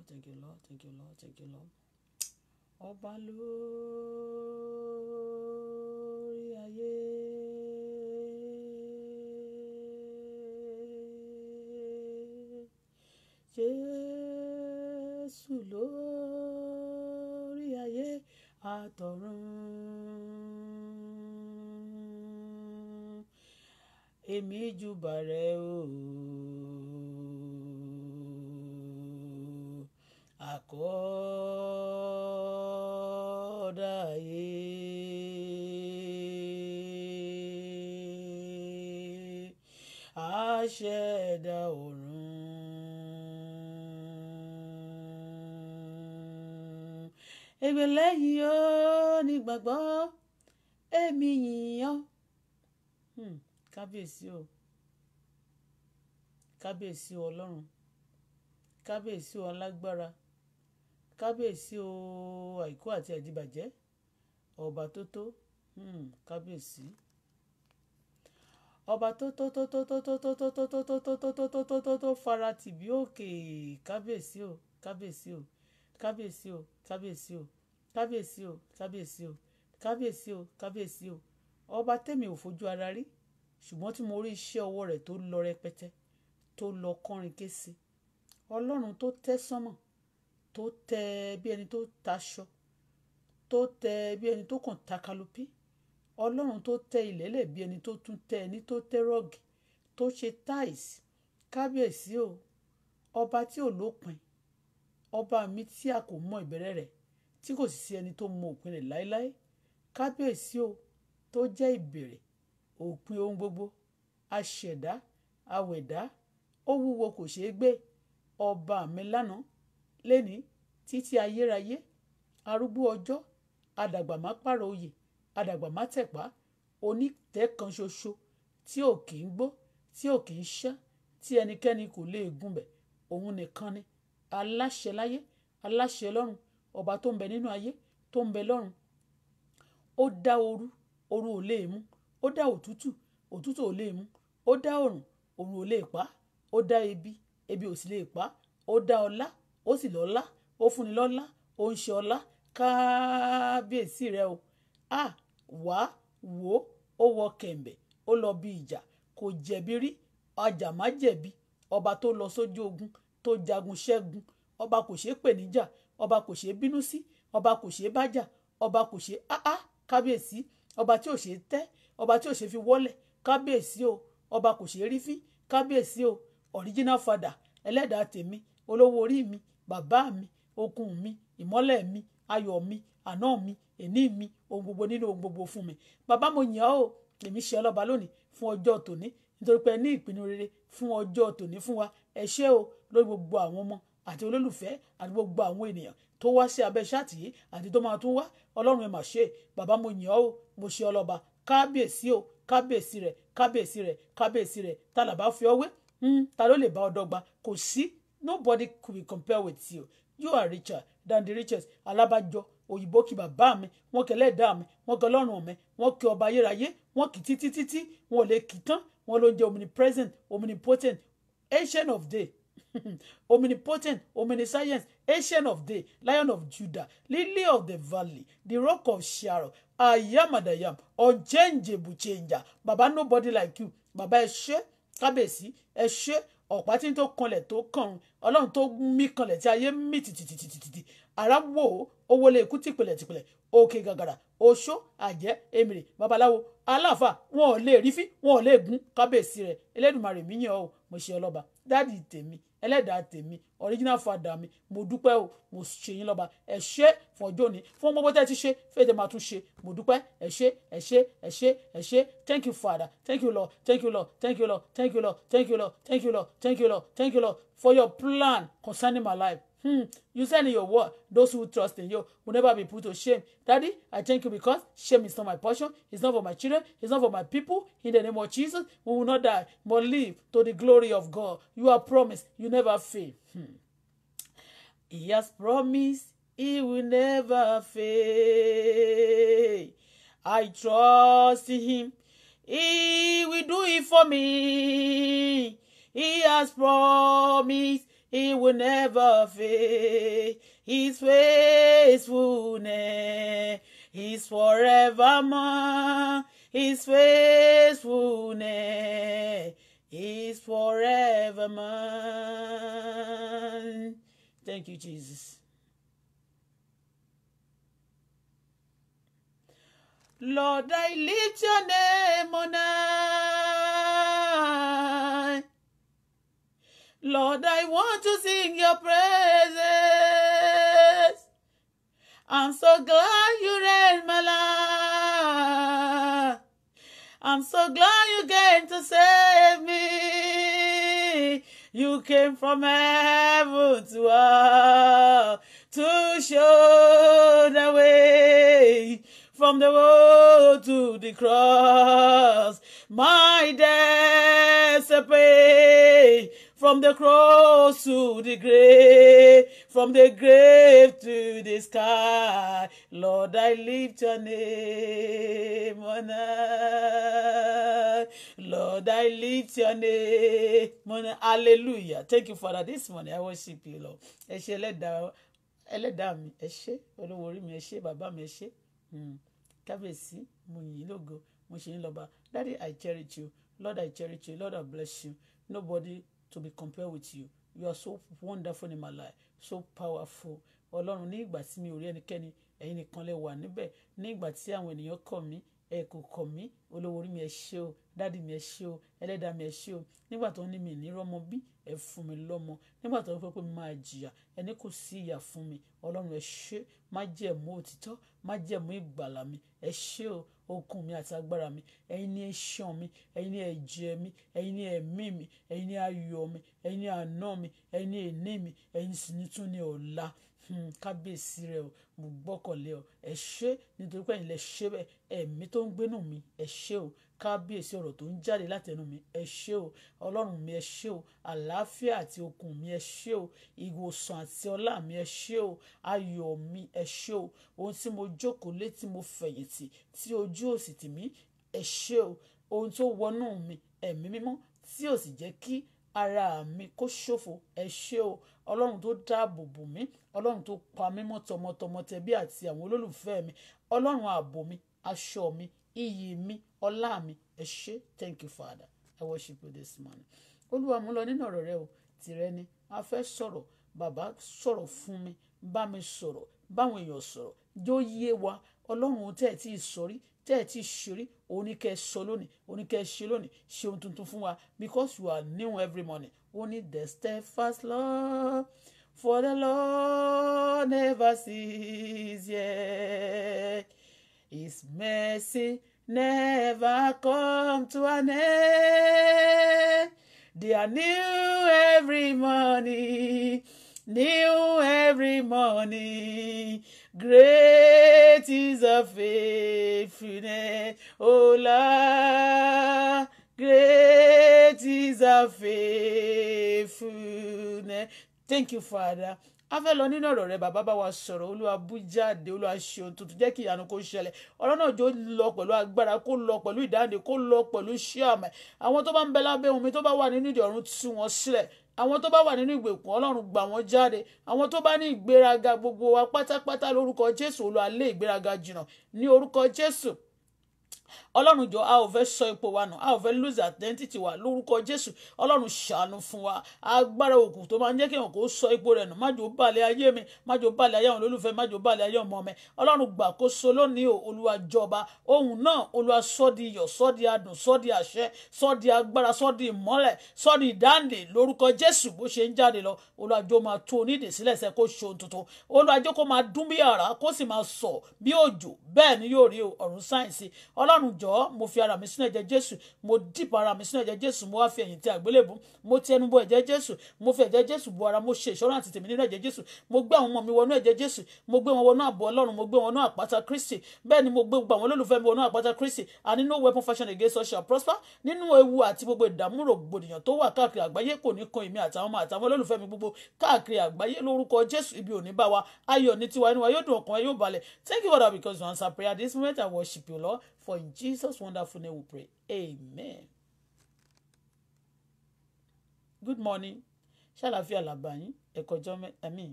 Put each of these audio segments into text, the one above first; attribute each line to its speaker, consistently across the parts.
Speaker 1: Lord, thank you, Lord, thank you, Lord, thank you, Lord. Ọba lórí ayé. Jésù lórí ayé àtọ̀run. Èmi júbà rẹ̀ ooo. àkọ́dáyé. aṣẹ̀dá ọ̀run. ègbè lẹ́yìn ó ní gbàgbọ́ èmi yìn ọ́ hmm, kábíyèsí o kábíyèsí o ọlọ́run kábíyèsí o kábíyèsí o àìkú àti àdìbàjẹ́ ọba tó tó hmm, kábíyèsí ọba tó tó tó tó tó tó tó tó tó tó tó tó tó tó tó tó tó tó fara tì bí òkè kábíyèsí o kábíyèsí o kábíyèsí o kábíyèsí o kábíyèsí o kábíyèsí o kábíyèsí o kábíyèsí o ọba tèmi ò fojú ara rí ṣùgbọ́n tí mo rí iṣẹ́ ọwọ́ rẹ̀ tó lọ rẹpẹtẹ tó lọ kọrin ké sí ọlọ́run tó tẹ́ sánmọ̀ tó tẹ bí ẹni tó taṣọ, tó tẹ bí ẹni tó kàn takalopí, Ọlọ́run tó tẹ ilẹ̀lẹ̀ bí ẹni tó tún tẹ ẹni tó tẹ rọ́ọ̀gì, tó ṣe tiles, kábíyèsí o, ọba tí ò lópin, ọba mi tí a kò mọ ìbẹ̀rẹ̀ rẹ̀, tí kò sì sí ẹni tó mọ òpin rẹ̀ láéláé, kábíyèsí o, tó jẹ́ ìbẹ̀rẹ̀, òpin ohun gbogbo, aṣẹ̀dá, awẹ̀dá, ó wúwo kò ṣeé gbé, ọba mi lánàá lẹ́ni títí ayérayé arúgbó ọjọ́ adàgbà má pààrọ̀ oyè adàgbà má tẹ̀pá onítẹ̀ kan ṣoṣo tí ò kì í gbó tí ò kì í ṣá tí ẹnikẹ́ni kò lè gùn bẹ̀ òun nìkan ni aláṣẹ láyé aláṣẹ lọ́run ọba tó ń bẹ nínú ayé tó ń bẹ lọ́run ó dá ooru ooru ò lè mú ó dá òtútù òtútù ò lè mú ó dá òrùn òrùn ò lè pa ó dá ebi ebi ò sì lè pa ó dá ọlá ó sì lọ́lá ó fúnni lọ́lá ó ń ṣe ọlá káábíyèsí rẹ o à wá wò ó wọ kẹ̀m̀bẹ̀ ó lọ bí ìjà kò jẹ̀bi rí ajàmájẹ̀bi ọba tó lọ sójú ogun tó jagun ṣẹ́gun ọba kò ṣeé pè níjà ọba kò ṣeé bínú sí ọba kò ṣeé bájà ọba kò ṣeé áá kábíyèsí ọba tí ò ṣeé tẹ́ ọba tí ò ṣeé fi wọ́lẹ̀ kábíyèsí o ọba kò ṣeé rí fín kábíyèsí o original father ẹlẹ́dàá tèmi olówó orí mi bàbá mi okun mi ìmọ́lẹ̀ mi ayọ̀ mi àná mi ẹ̀ní mi ohun gbogbo nínú ohun gbogbo fún mi bàbá mo yàn ọ́ èmi ṣe ọlọ́ba lónìí fún ọjọ́ tòní nítorí pé ní ìpinnu rere fún ọjọ́ tòní fún wa ẹ ṣé o lórí gbogbo àwọn ọmọ àti olólùfẹ́ àti gbogbo àwọn ènìyàn tó wá sí abẹ́ ṣáàtì yìí àti tó máa tún wá ọlọ́run ẹ mà ṣe bàbá mo yàn ọ́ mo ṣe ọlọ́ba kábíyèsí o kábíyèsí rẹ̀ kábíyèsí rẹ̀ kábíyèsí rẹ̀ tàlàbà fi ọ́ wé hmm, ta ló lè bá ọ kò sí nobody could be compared with you you are richer than the richest alábàjọ òyìnbó kí bàbá mi wọn kẹ lẹ́dàá mi wọn kẹ ọlọ́run mi wọn kẹ ọba ayérayé wọn kì títí títí wọn lè kì tán wọn ló ń jẹ omnipresent omnipotent ancient of day omnipotent omniscience ancient of day lion of judah lily of the valley the rock of sharon ayamadayam unchangeable changer baba nobody like you baba ẹ ṣé kábíyèsí ẹ ṣé ọ̀pá tí ń tó kanlẹ̀ tó kàn ọlọ́run tó mí kanlẹ̀ tí ayé mí tìtìtìtìtì ara wò ó owó lè kú tìpìlẹ̀ tìpìlẹ̀ òkè gàgàrà oṣó àjẹ́ èmìrì babaláwo aláàfà wọn ò lè rí fí wọn ò lè gún kábíyèsí rẹ̀ elédùnmarè mi yàn ọ́ mo ṣe ọlọ́ba dáàdì tèmi ẹlẹ́dàá tèmi original father mi mo dúpẹ́ o mo ṣe yín lọ́ba ẹ ṣé fún ọjọ́ òní fún gbogbo tẹ́ ti ṣe fèdè máa tún ṣe mo dúpẹ́ ẹ ṣé ẹ ṣé ẹ ṣé ẹ ṣé thank you father thank you lord thank you lord thank you lord thank you lord thank you lord thank you lord thank you lord thank you lord for your plan concerning my life Hmm. You said in your word, those who trust in you will never be put to shame. Daddy, I thank you because shame is not my portion. It's not for my children. It's not for my people. In the name of Jesus, we will not die, but live to the glory of God. You are promised. You never fail. Hmm. He has promised he will never fail. I trust in him. He will do it for me. He has promised He will never fail. His faithfulness is forevermore. His faithfulness is forevermore. Thank you, Jesus. Lord, I lift your name on high. Lord, I want to sing your praises. I'm so glad you read my life. I'm so glad you came to save me. You came from heaven to earth to show the way from the road to the cross. My desperate from the cross to the grave, from the grave to the sky. Lord, I lift your name on high. Lord, I lift your name on high. Hallelujah. Thank you, Father. This morning I worship you, Lord. Ẹ ṣé ẹlẹ́dàá ẹlẹ́dàá mi, ẹ ṣé olówó orí mi, ẹ ṣé bàbá mi, ẹ ṣé. Hmm. Kábíyèsí, mo yìn lógo, mo ṣe ń lọ́ba. Daddy, I cherish you. Lord, I cherish you. Lord, I bless you. Nobody to be compared with you you are so wonderful in my life so powerful ọlọ́run ní ìgbà tí mi ò rí ẹnikẹ́ni ẹ̀yin nìkan lè wà níbẹ̀ ní ìgbà tí àwọn ènìyàn kọ̀ mí ẹ kò kọ̀ mí olówó orí mi ẹ ṣé o dáàdì mi ẹ ṣé o ẹlẹ́dàá mi ẹ ṣé o nígbà tó ní mi nírọ́mọ bí ẹ fún mi lọ́mọ nígbà tó ń fẹ́ pé mi máa jìyà ẹni kò sí ìyà fún mi ọlọ́run ẹ ṣé má jẹ̀mú òtítọ́ má jẹ̀mú ìgbàlà mi ẹ ṣé o okun mi àti agbára mi ẹ̀yin ni iṣan mi ẹ̀yin ni ẹ̀jẹ̀ mi ẹ̀yin ni ẹ̀mí mi ẹ̀yin ni ayọ̀ mi ẹ̀yin ni àná mi ẹ̀yin ni èní mi ẹ̀yin sì ni tún ni ọ̀la Hmm, kábíyèsí rẹ o mo gbọ́kànlé ọ ẹ ṣé nítorí pé ẹ̀yin lẹ ṣe bẹ́ẹ̀ ẹ̀mí tó ń gbénú mi ẹ ṣé o kábíyèsí ọ̀rọ̀ tó ń jáde látẹnu mi ẹ ṣé o ọlọ́run mi ẹ ṣé o àlàáfíà àti okun mi ẹ ṣé o ìwòsàn àti ọlá mi ẹ ṣé o ayọ̀ mi ẹ ṣé o ohun tí mo jókòó lé tí mo fẹ̀yìntì tí ojú òsì tì mí ẹ ṣé o ohun tó wọnú mi ẹ̀mí mímọ́ tí ò sì jẹ́ kí ara mi kó ṣòfò ẹ ṣé o ọlọ́run tó dáàbò bò mí ọlọ́run tó pa mí mọ́ tọmọtọmọ tẹbí àti àwọn olólùfẹ́ mi ọlọ́run ààbò mi aṣọ mi iyì mi ọlá mi ẹ ṣé thank you father i worship you this morning olúwa mú lọ nínú ọ̀rọ̀ rẹ o tìrẹ ni a fẹ́ sọ̀rọ̀ bàbá sọ̀rọ̀ fún mi bá mi sọ̀rọ̀ báwọn èèyàn sọ̀rọ̀ jó yé wa ọlọ́run tẹ̀ tí ì sọrí tẹ́ ẹ ti ṣorí òun ní kẹ́ ẹ sọ lónìí òun ní kẹ́ ẹ ṣe lónìí ṣe ohun tuntun fún wa because you are new every morning ó ní the steadfast love for the Lord never ceases yet his mercy never come to an end they are new every morning new every morning. Great is the faithfulness, O Lord. Great is the faithfulness. Thank you, Father. a fẹ́ lọ nínú ọ̀rọ̀ rẹ bàbá bá wa sọ̀rọ̀ olúwa bú jáde olúwa ṣe ohun tuntun jẹ́ kí ìyanu kó ṣẹlẹ̀ ọ̀rọ̀ náà jó lọ pẹ̀lú agbára kó lọ pẹ̀lú ìdáǹdè kó lọ pẹ̀lú ṣíàmẹ̀ àwọn tó bá ń bẹ lábẹ́ omi tó bá wà nínú ìdí ọ̀run tú wọn sílẹ̀ àwọn tó bá wà nínú ìgbèkùn ọlọ́run gbà wọ́n jáde àwọn tó bá ní ìgbéraga gbogbo wa pátápátá lórúkọ jésù olúwa lé ìgbéraga jìnnà ní orúkọ jésù ọlọ́run jọ a ò fẹ́ sọ ipò wa nù a ò fẹ́ lose identity wa lórúkọ jésù ọlọ́run ṣàánú fún wa agbára òkùn tó máa ń jẹ́ kí èèyàn kó sọ ipò rẹ̀ nù má jò balẹ̀ ayé mi má jò balẹ̀ ayé àwọn olólùfẹ́ má jò balẹ̀ ayé ọmọ mi ọlọ́run gbàkóso lónìí o olúwa jọba ohun náà olúwa sọ di iyọ̀ sọ di adùn sọ di àṣẹ sọ di agbára sọ ìmọ́lẹ̀ sọ ìdáǹdè lórúkọ ọlọ́run jọ̀ọ́ mo fi ara mi sínú ẹ̀jẹ̀ jésù mo dìbò ara mi sínú ẹ̀jẹ̀ jésù mo wá fi ẹ̀yìn tí àgbélébùú mo ti ẹnu bọ ẹ̀jẹ̀ jésù mo fi ẹ̀jẹ̀ jésù bo ara mo ṣe ìṣọ́ra àti tèmi nínú ẹ̀jẹ̀ jésù mo gbé àwọn ọmọ mi wọnú ẹ̀jẹ̀ jésù mo gbé wọn wọnú ààbò ọlọ́run mo gbé wọn wọnú àpáta kristi bẹ́ẹ̀ ni mo gbé gbogbo àwọn olólùfẹ́ mi wọnú àpáta kristi and no weapon fashioned against us shall prosper nínú ewu àti gbogbo ìdààmú rògbòdìyàn tó wà káàkiri àgbáyé kò ní kan èmi àtàwọn ọmọ àtàwọn olólùfẹ́ mi gbogbo káàkiri àgbáyé lórúkọ jésù ibi ò bá wa ayọ̀ ní tiwa inú wa yóò dùn ọkàn yóò balẹ̀ thank you father because you answer prayer this moment i worship you lord For in Jesus' wonderful name we pray. Amen. Good morning. Ṣàlàfíà làbà yín ẹ̀kọ́ ọjọ́ mẹ́ta ẹ̀mí.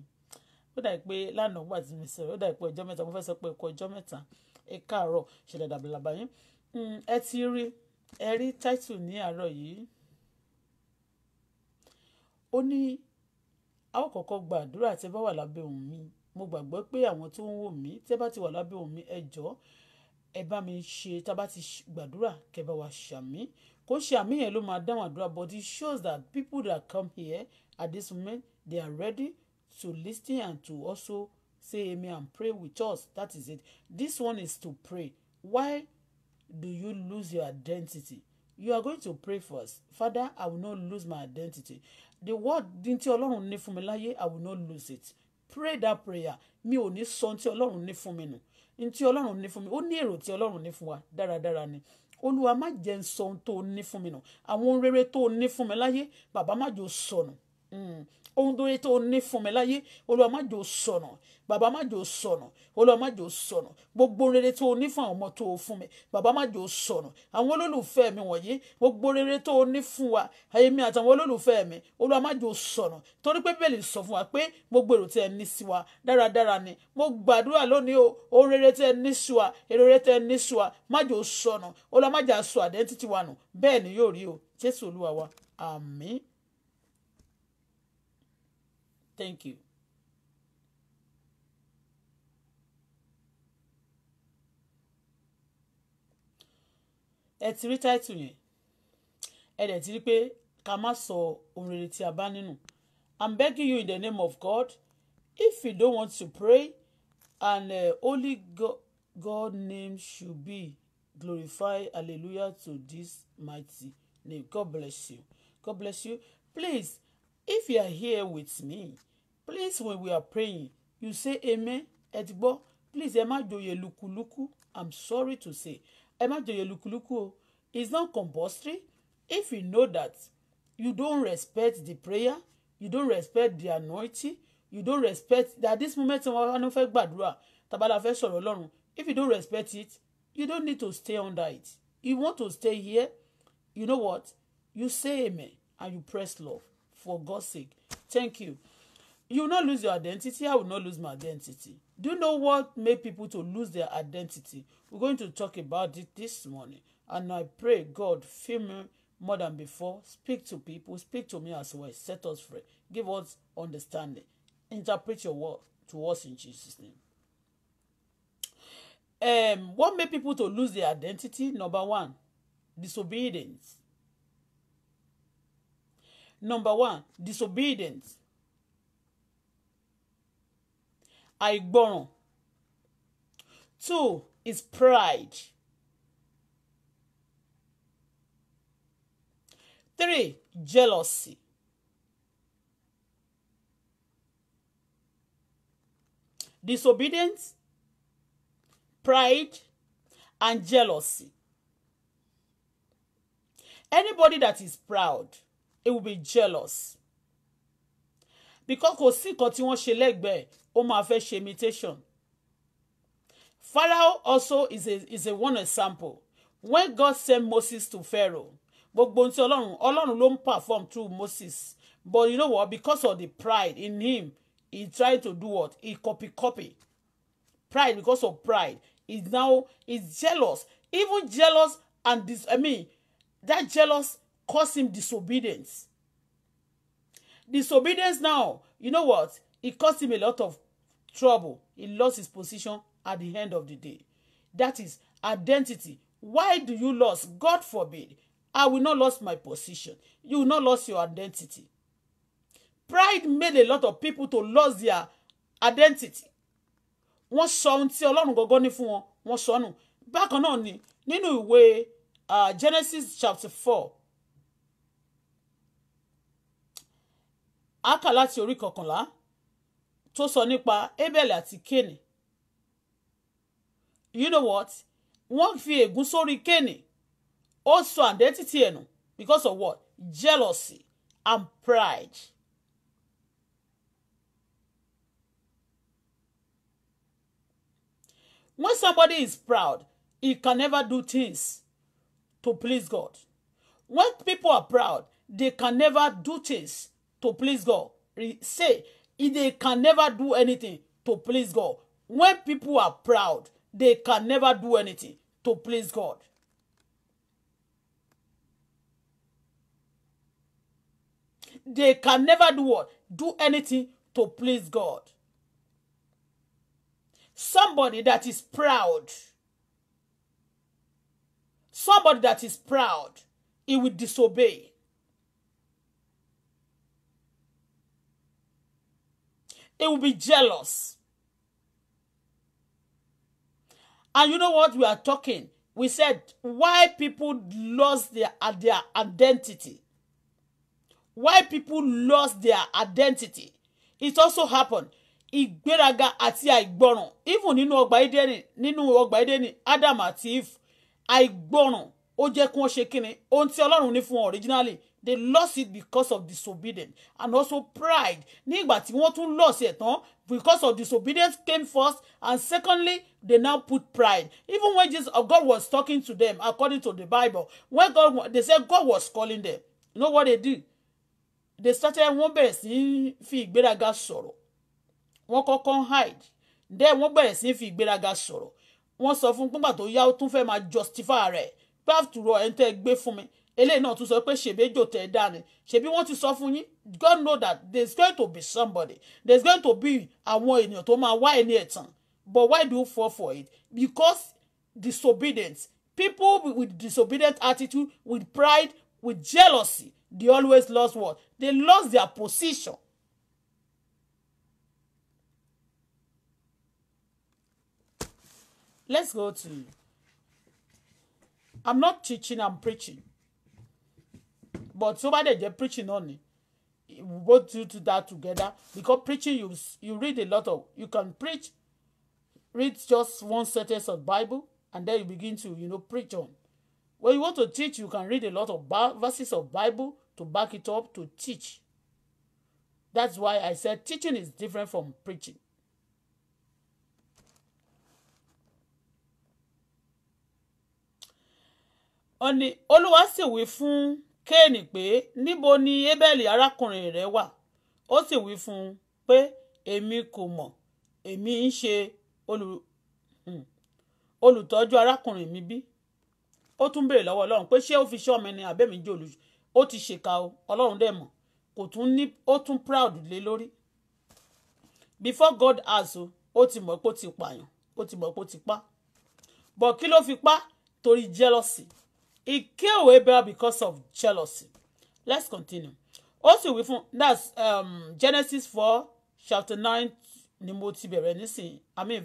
Speaker 1: Ó dà pé lánàá gbà tí mi sọ̀rọ̀ ó dà pé ọjọ́ mẹ́ta mo fẹ́ sọ pé ẹ̀kọ́ ọjọ́ mẹ́ta ẹ káàárọ̀ ṣẹlẹ̀ dàbí làbà yín. Hmm, ẹ ti rí ẹ rí táìtù ní àárọ̀ yìí. Ó ní a ó kọ́kọ́ gba àdúrà tí ẹ bá wà lábẹ́ òun mi. Mo gbàgbọ́ pé àwọn tó ń wò mí tí ẹ bá ti wà lábẹ́ òun mi ẹ jọ̀ọ́ ẹ bá mi ṣe tá a bá ti gbàdúrà kẹ́ bá wa ṣàmì kó ṣàmì yẹn ló máa dáhùn àdúrà but it shows that people that come here at this moment they are ready to listen and to also say amen and pray with us that is it this one is to pray why do you lose your identity you are going to pray first father i will not lose my identity the word tí ọlọ́run ní fún mi láyé i will not lose it pray that prayer mi ò ní sọ tí ọlọ́run ní fún mi nù ní tí ọlọ́run ní fún mi ó ní èrò tí ọlọ́run ní fún wa dáradára ni olúwa má jẹ́ n sọ ohun tó ní fún mi nù àwọn ohun rere tó ní fún mi láyé bàbá má jò sọnù hmm ohun tó yẹ tó ní fún mi láyé olúwa má jò sọnù bàbá má jò sọnù olúwa má jò sọnù gbogbo rere tó ní fún àwọn ọmọ tó fún mi bàbá má jò sọnù àwọn olólùfẹ́ mi wọ̀nyí gbogbo rere tó ní fún wa èmi àtàwọn olólùfẹ́ mi olúwa má jò sọnù torí pé bẹ́ẹ̀ lè sọ fún wa pé gbogbo èrò tí ní sí wa dáradára ni mo gbàdúrà lónìí o ohun rere tí ẹ ní sí wa èrò rere tí ẹ ní sí wa má jò sọnù olúwa má jà sọ àdẹ́ntìtì wa nù bẹ́ẹ̀ ni yóò rí o jésù olúwa wa àmín Thank you. ẹ ti rí táìtù yẹn ẹ dẹ̀ ti rí pé ká má sọ ohun rere tí a bá nínú I'm begging you in the name of God if you don't want to pray and uh, only God, God name should be glorified hallelujah to this mighty name God bless you God bless you please if you are here with me please when we are praying you say amen ẹ please ẹ má joyè lukuluku i'm sorry to say ẹ má joyè lukuluku o it's not compulsory if you know that you don't respect the prayer you don't respect the anointing you don't respect that this moment wọn wá fẹ́ gbàdúrà tabala fẹ́ sọ̀rọ̀ Ọlọ́run if you don't respect it you don't need to stay under it you want to stay here you know what you say amen and you press love for God's sake thank you you will not lose your identity i will not lose my identity do you know what made people to lose their identity we're going to talk about it this morning and i pray god fill me more than before speak to people speak to me as well set us free give us understanding interpret your word to us in jesus name um, what made people to lose their identity number one disobedience number one disobedience àìgbọràn two is pride three jealousy disobedience pride and jealousy anybody that is proud it will be jealous because kò sí nǹkan tí wọ́n ṣe lẹ́gbẹ̀ẹ́ ó máa fẹ́ ṣe imitation Pharaoh also is a is a one example when God sent Moses to Pharaoh gbogbo ohun tí Ọlọ́run Ọlọ́run ló ń perform through Moses but you know what because of the pride in him he tried to do what he copy copy pride because of pride he now is jealous even jealous and dis I mean that jealous cause him disobedience disobedience now you know what it cost him a lot of trouble. He lost his position at the end of the day. That is identity. Why do you lose? God forbid. I will not lose my position. You will not lose your identity. Pride made a lot of people to lose their identity. Wọ́n sọ ohun tí Ọlọ́run gangan ní fún wọn, wọ́n sọ nù. Bákan náà ni nínú ìwé Genesis chapter four. Ákà láti orí kọkànlá tó sọ nípa Abel àti Kéènì you know what wọ́n fi ègún sórí Kéènì ó sọ àdẹ́tìtì ẹ̀nù because of what jealousy and pride. When somebody is proud, he can never do things to please God. When people are proud, they can never do things to please God. Say, If they can never do anything to please God. When people are proud, they can never do anything to please God. They can never do what? Do anything to please God. Somebody that is proud, somebody that is proud, he will disobey. It will be jealous. And you know what we are talking? We said why people lost their, uh, their identity. Why people lost their identity. It also happened. Ìgbéraga ati àìgbọràn. Even nínú ọgbà Édẹ́nì nínú ọgbà Édẹ́nì Adam àti Eve àìgbọràn ó jẹ́ kí wọ́n ṣe kíni ohun tí originally they lost it because of disobedience and also pride nígbà tí wọ́n tún lost it, tán because of disobedience came first and secondly they now put pride even when Jesus oh, God was talking to them according to the Bible when God they said God was calling them you know what they do? they started wọ́n bẹ̀rẹ̀ sí fi ìgbéraga sọ̀rọ̀ wọ́n kọ́kọ́ hide then wọ́n bẹ̀rẹ̀ sí fi ìgbéraga sọ̀rọ̀ wọ́n sọ fún pípa yá tún fẹ́ máa justify rẹ̀ pé after all ẹni tẹ́ gbé fún mi eléyìí náà tún sọ pé ṣèbéjò tẹ̀ dání ṣèbí wọ́n ti sọ fún yín God know that there is going to be somebody there is going to be àwọn ènìyàn tó máa wá ẹni ẹ̀tàn but why do you fall for it because disobedience people with disobedient attitude with pride with jealousy they always lost what they lost their position. let's go to I'm not teaching I'm preaching but tó bá dẹ̀ jẹ́ preaching náà ni we both do to that together because preaching you you read a lot of you can preach read just one sentence of Bible and then you begin to you know preach on when you want to teach you can read a lot of verses of Bible to back it up to teach that's why I said teaching is different from preaching. ó ní olúwa sì wí fún kéènì pé níbo ni ébẹ́lì arákùnrin rẹ̀ wà ó sì wí fún un pé èmi kò mọ̀ èmi ń ṣe hmm, olùtọ́jú arákùnrin mi bí ó tún béèrè lọ́wọ́ ọlọ́run pé ṣé ó fi ṣe ọmọ ẹni àbẹ́mi jẹ́ olùṣọ́ ó ti ṣèkà o ọlọ́run dẹ̀ mọ̀ kò tún ní ó tún proud lé lórí before God has o ó ti mọ̀ pé ó ti pààyàn ó ti mọ̀ pé ó ti pa bọ̀ kí ló fi pa torí jealousy He killed Abel because of jealousy. Let's continue. Also, we wí that's um, Genesis four chapter nine ni mo I mean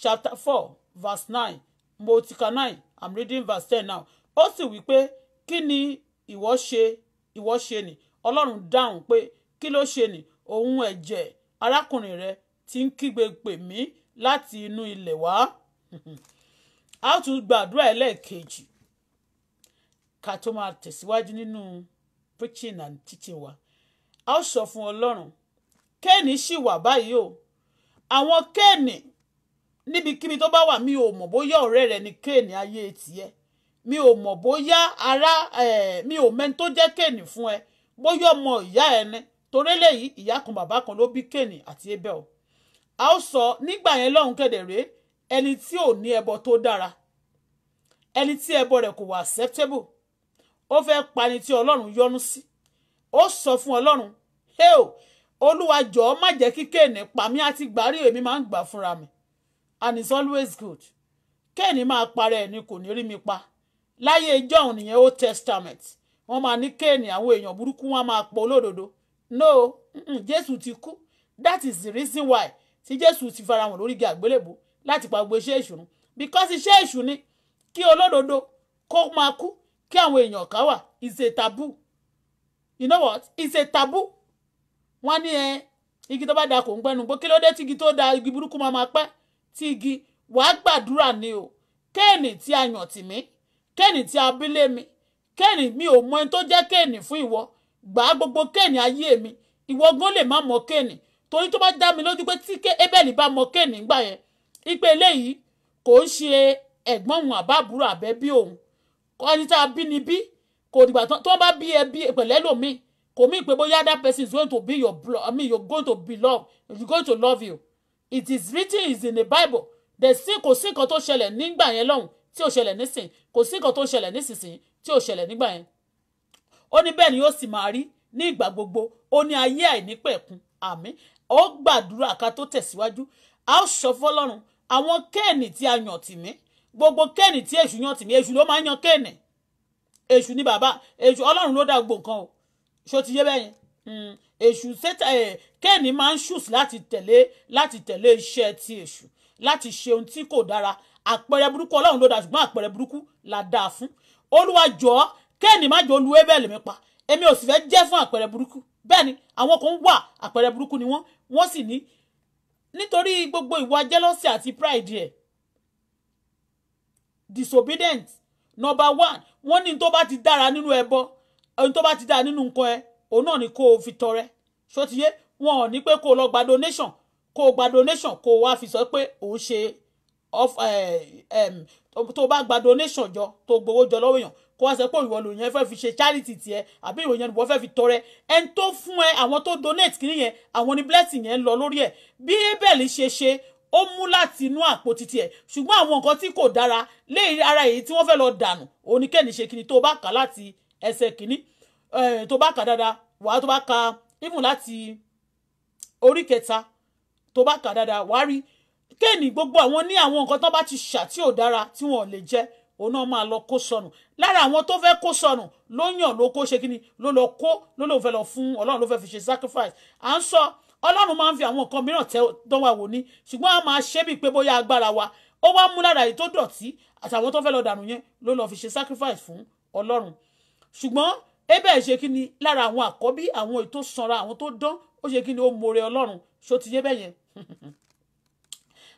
Speaker 1: chapter four verse nine mo ti ka nine I'm reading verse ten now. Also, we wí kini iwashe iwashe ni Ọlọ́run dáhùn pé kí ló ni òun ẹ̀jẹ̀ arákùnrin rẹ ti ń kígbe pè mí láti inú ilẹ̀ wá. a tún gbàdúrà ká tó máa tẹ̀síwájú nínú preaching and teaching wa a ó sọ fún ọlọ́run kéènì sì wà báyìí o àwọn kéènì níbikíbi tó bá wà mi ò mọ̀ bóyá ọ̀rẹ́ rẹ ni kéènì ayé tiẹ̀ mi ò mọ̀ bóyá ara mi ò mẹ́ni tó jẹ́ kéènì fún ẹ bóyá ọmọ ìyá ẹ ni torí eléyìí ìyá kan bàbá kan ló bí kéènì àti abel a ó sọ nígbà yẹn lọ́hùn kẹ̀dẹ̀rẹ́ ẹni tí ò ní ẹbọ tó dára ẹni tí ẹbọ rẹ̀ kò wà acceptable ó fẹ́ pani tí ọlọ́run yọ́nú sí ó sọ fún ọlọ́run heo olúwa jọ̀ọ́ má jẹ́ kí kéènì pa mí àti gbàrí èmi máa ń gbà fúnra mi and it's always good kéènì máa parẹ́ ẹni kò ní rí mi pa láyé john nìyẹn old testament wọ́n máa ní kéènì àwọn èèyàn burúkú wọn máa pọ̀ olódodo no jésù ti kú that is the reason why tí jésù ti farahàn lórí igi àgbélébùú láti pa gbogbo iṣẹ́ èṣù run because iṣẹ́ èṣù ni kí olódodo kó máa kú kí àwọn èèyàn kan wà is a taboo you know what is a taboo wọ́n ní ẹ igi tó bá da kò ń gbẹ́nu gbó kí ló dé tí igi tó da igi burúkú máa máa pẹ́ tí igi wàá gbàdúrà ni o kéènì tí a yàn tì mí kéènì tí a bílé mi kéènì mi ò mọ ẹni tó jẹ́ kéènì fún ìwọ gbà á gbogbo kéènì ayé mi ìwọ gan lè má mọ kéènì torí tó bá dá mi lójú pé tí Ébẹ́lì bá mọ kéènì gbà yẹn ipe eléyìí kò ń ṣe ẹ̀gbọ́n òun àbábúrò àbẹ́bí òun ẹni tá a bí ni bí kò dìgbà tó bá bí ẹ bí pẹ̀lú ẹlòmíì kò mí pé bóyá that person is going to be your blood I mean you going to be love you going to love you it is written is in the bible the sin kò sí nǹkan tó ṣẹlẹ̀ nígbà yẹn lọ́hùn tí ò ṣẹlẹ̀ nísìn kò sí nǹkan tó ṣẹlẹ̀ nísinsìn tí ò ṣẹlẹ̀ nígbà yẹn ó ní bẹ́ẹ̀ ni yóò sì máa rí ní ìgbà gbogbo ó ní ayé àìnípẹ̀kun àmín ó gbàdúrà ká tó tẹ̀síwájú a ó sọ fọlọ́run àwọn kéènì tí a yàn tì mí gbogbo kéènì tí èṣù yan tìmí èṣù ló máa ń yan kéènì èṣù ni bàbá èṣù ọlọ́run ló dá gbogbo nǹkan o ṣó ti yé bẹ́yẹn hmm, èṣù eh, kéènì máa ń ṣùs láti tẹ̀lé láti tẹ̀lé iṣẹ́ ti èṣù láti ṣe ohun tí kò dára àpẹẹrẹ burúkú ọlọ́run ló dá ṣùgbọ́n àpẹẹrẹ burúkú là dáa fún olúwa jọ̀ọ́ kéènì má jọ lu ébẹ̀lì mi pa èmi ò sì fẹ́ jẹ́ fún àpẹẹrẹ burúkú bẹ́ẹ̀ ni àwọn kan wà àpẹẹrẹ burúkú ni wọ́n wọ́n sì ní nítorí gbogbo ìwà jẹ́lọ́sì àti pride yẹn disobedient number one wọ́n ní tó bá ti dára nínú ẹbọ ohun tó bá ti dára nínú nǹkan ẹ òun náà ni kó o fi tọrẹ ṣótiyé wọn ò ní pé kó o lọ gba donation kó o gba donation kó o wá fi sọ pé òun ṣe eh, tó bá gba donation jọ tó gbowó jọ lọ́wọ́ èèyàn kó wá sọ pé ìwọ lòun yẹn fẹ́ fi ṣe charity tiẹ̀ àbí ìwọ yẹn wọ́n fẹ́ fi tọrẹ ẹni tó fún ẹ àwọn tó donate kìíní yẹn àwọn ni blessing yẹn ń lọ lórí ẹ̀ bí abel ṣe ṣe ó mú láti inú àpò títí ẹ̀ ṣùgbọ́n àwọn nǹkan tí kò dára lé ara èyí tí wọ́n fẹ́ lọ dànù oníkẹ́ni ṣe kìíní tó bá kà láti ẹsẹ̀ kìíní tó bá kà dáadáa wàá tó bá ka even láti orí kẹta tó bá kà dáadáa wàá rí kéènì gbogbo àwọn ní àwọn nǹkan tó bá ti ṣà tí ò dára tí wọn ò lè jẹ òun náà máa lọ kó sọnù lára àwọn tó fẹ́ kó sọnù ló yàn ló kó ṣe kí ló lọ kó ló lóun fẹ́ lọ fún ọlọ́run ló fẹ́ fi ṣe sacrifice à ń sọ ọlọ́run máa ń fi àwọn nǹkan mìíràn dán wa wò ni ṣùgbọ́n a máa ṣe bíi pé bóyá agbára wa ó wá mú lára èyí tó dọ̀tí àtàwọn tó fẹ́ lọ dànù yẹn ló lọ́ọ́ fi ṣe sacrifice fún ọlọ́run ṣùgbọ́n ebe ṣe kí ni lára àwọn àkọ́bí àwọn èyí tó sanra àwọn tó dán ó ṣe kí ni ó more ọlọ́run ṣó ti yé bẹ́yẹn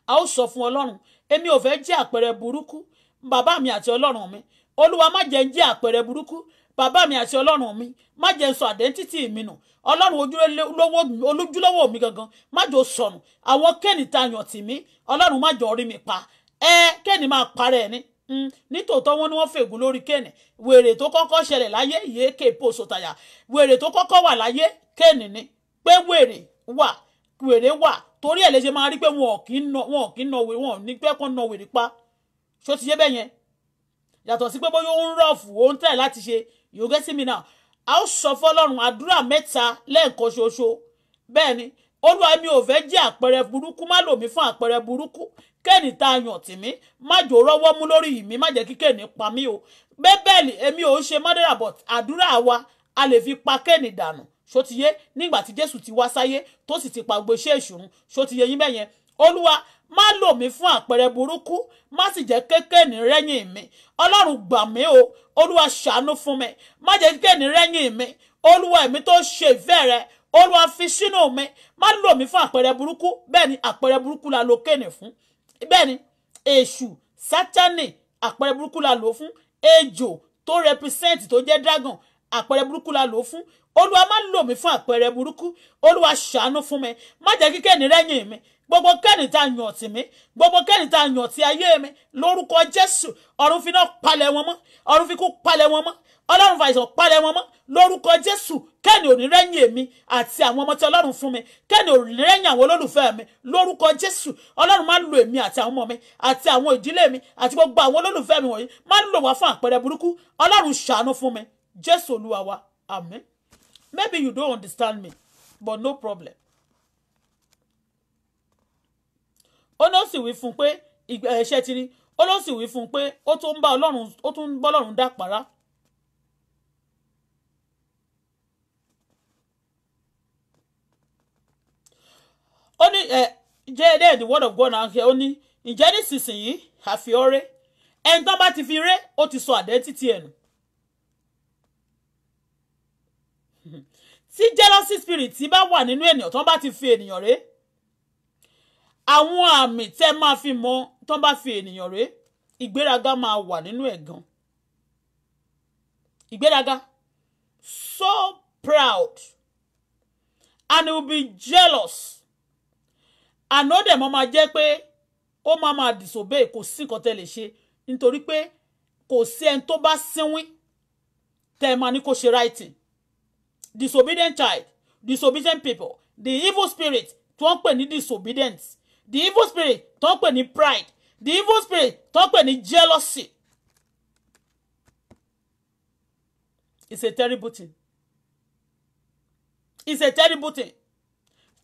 Speaker 1: a ó sọ fún ọlọ́run èmi ò fẹ́ jẹ́ àpẹẹrẹ burúkú bàbá mi àti ọlọ́run mi olúwa má jẹ́ ń jẹ́ àpẹẹrẹ burúkú bàbá mi àti ọlọ́run mi má jẹ́ sọ àdẹ́ntìtì mi nù ọlọ́run olójúlówó mi gangan má jọ sọnù àwọn kẹ́ni ta yàn tì mí ọlọ́run má jọ rí mi pa ẹ kẹ́ni máa parẹ́ ni hmm, nítòótọ́ wọn ni wọ́n fègùn lórí kẹ́ni wèrè tó kọ́kọ́ ṣẹlẹ̀ láyé ìyé kéèpó sọ̀tàyà wèrè tó kọ́kọ́ wà láyé kẹ́ni ni pé wèrè wà wèrè wà torí ẹ̀ lè ṣe máa rí pé wọn ò kí ń nọ wọn ò kí ń nọ wèrè wọn ò ní pẹ́ kán nọ wèrè pa ṣó ti yé bẹ́ẹ̀ yẹn yàtọ̀ sí pé bóyá ó ń rọ̀fù ó ń tẹ̀ láti ṣe you getting me now a ó sọ fọlọ́run àdúrà mẹ́ta lẹ́ẹ̀kan ṣoṣo bẹ́ẹ̀ ni olúwa mi ò fẹ́ jẹ́ àpẹẹrẹ burúkú má lò mí fún àpẹẹrẹ burúkú kẹ́ni tá a yàn tì mí má jò rọ́wọ́ mú lórí mi má jẹ́ kí kẹ́ni pa mí o bẹ́bẹ́ẹ̀lì èmi ò ń ṣe mọ́dẹ́rà but àdúrà wa a lè fi pa kẹ́ni dànù ṣótiyé nígbà tí jésù ti wá sáyé tó sì ti pa gbèsè ìṣòrun ṣótiyé yín bẹ́yẹn olúwa má lò mí fún àpẹẹrẹ burúkú má sì jẹ́ kékèèní rẹ́yìn mi ọlọ́run gbà mí o olúwa ṣàánú fún mi má jẹ́ kékèèní rẹ́yìn mi olúwa ẹ̀mí tó ṣe ìfẹ́ rẹ olúwa fi sínú mi má lò mí fún àpẹẹrẹ burúkú bẹ́ẹ̀ ni àpẹẹrẹ burúkú la lo kéènì fún bẹ́ẹ̀ ni èṣù sátánì àpẹẹrẹ burúkú la lò fún ejò tó rẹpísẹ́ǹtì tó jẹ́ dragon àpẹẹrẹ burúkú la lò fún olúwa má lò mí fún àpẹẹrẹ burúkú olúwa ṣàánú fún mi má jẹ́ kíkẹ́ ní rẹ́yìn mi gbogbo kẹ́ni tá a yàn tì mí gbogbo kẹ́ni tá a yàn tì ayé mi lórúkọ jésù ọ̀run fi náà palẹ̀ wọn mọ́ ọ̀run fi kú palẹ̀ wọn mọ́ ọlọ́run fàìsàn palẹ̀ wọn mọ́ lórúkọ jésù kẹ́ni ò ní rẹ́yìn èmi àti àwọn ọmọ tí ọlọ́run fún mi kẹ́ni ò ní rẹ́yìn àwọn olólùfẹ́ mi lórúkọ jésù ọlọ́run máa ń lo èmi àti àwọn ọmọ mi àti àwọn ìdílé mi àti gbogbo àwọn olólùfẹ́ mi wọ̀nyí máa ń lò wá fún àpẹẹrẹ burúkú ọlọ́run ṣàánú fún mi jésù olúwa wa àmín maybe you don't understand me but no problem ó ló sì wí fún un pé ẹ̀ṣẹ̀ ti rí ó ló sì wí fún un pé ó tún bá ọlọ́run ó tún ń ọlọ́run dá pàrá. ó ní ẹ jẹ́ ẹ dẹ́ẹ̀ the word of God náà ṣe ó ní ǹjẹ́ nísinsìnyí àfi ọ̀rẹ́ ẹni tó bá ti fi ré ó ti sọ àdẹ́tìtì ẹ̀ nù. tí jealousy spirit bá wà nínú ènìyàn tó bá ti fi ènìyàn ré àwọn àmì tẹ́ máa fi mọ tán bá fi ènìyàn rèé ìgbéraga máa wà nínú ẹ̀ gan ìgbéraga so proud and he will be jealous àná dẹ̀ mọ́ máa jẹ́ pé ó máa máa disobey kò sí nǹkan tẹ́ lè ṣe nítorí pé kò sí ẹni tó bá sínwín tẹ́ máa ní kó ṣe writing disobedient child disobedient people the evil spirit tí wọ́n pè ní disobedient the evil spirit tó ń pè ní pride the evil spirit tó ń pè ní jealousy it's a terrible thing it's a terrible thing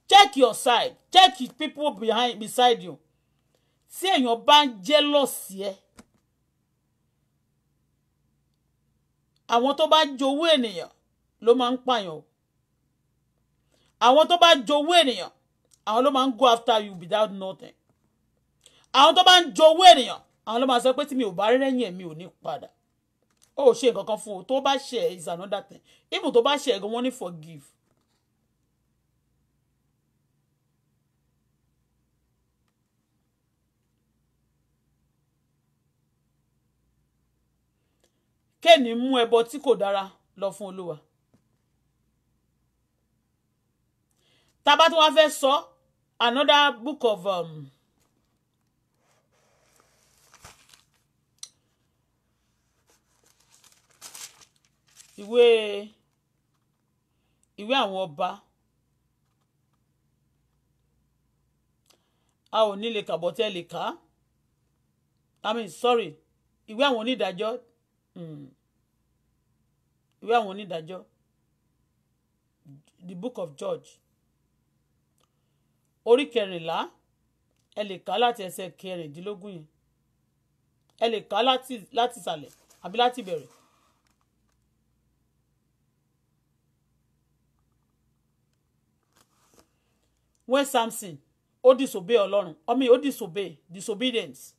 Speaker 1: check your side check the people behind beside you tí èèyàn bá ń jẹ́lọ́sì ẹ àwọn tó bá jowó ènìyàn ló máa ń pààyàn o àwọn tó bá jowó ènìyàn àwọn ló máa ń go after you without nothing àwọn tó bá ń jowó ènìyàn àwọn ló máa sọ pé tí mi ò bá rí lẹ́yìn ẹ̀ mi ò ní padà ó ò ṣe nǹkan kan fún o tó bá ṣe ẹ̀ is another thing even tó bá ṣe ẹ̀ gan wọ́n ní forgive kéènì mú ẹbọ tí kò dára lọ fún olúwa tá a bá tún wá fẹ́ sọ another book of um, ìwé ìwé àwọn ọba a ò ní lè kà bọ́tẹ́ lè kà i mean sorry ìwé àwọn onídàájọ́ hmm. ìwé àwọn onídàájọ́ the book of George orí kẹrìnlá ẹ lè kà láti ẹsẹ̀ kẹrìndínlógún yẹn ẹ lè kà láti láti ìsàlẹ̀ àbí láti ìbẹ̀rẹ̀. when Samson ó disobey Ọlọ́run ọmọ yìí ó disobey disobedience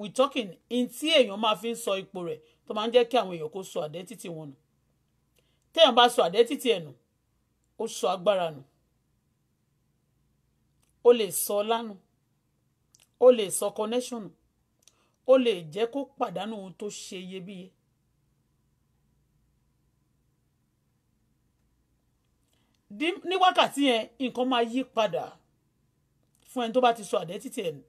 Speaker 1: we talking in tí èèyàn máa fi ń sọ ipò rẹ̀ tó máa ń jẹ́ kí àwọn èèyàn kó sọ àdẹ́tìtì wọn nù téèyàn bá sọ àdẹ́tìtì ẹ̀ nù ó sọ agbára nù o lè sọ lánàá o lè sọ connection o lè jẹ́ kó pàdánù ohun tó ṣe iyebíye. ní wákàtí yẹn nǹkan máa yí padà fún ẹni tó bá ti sọ àdẹ́tìtì ẹ̀ nù.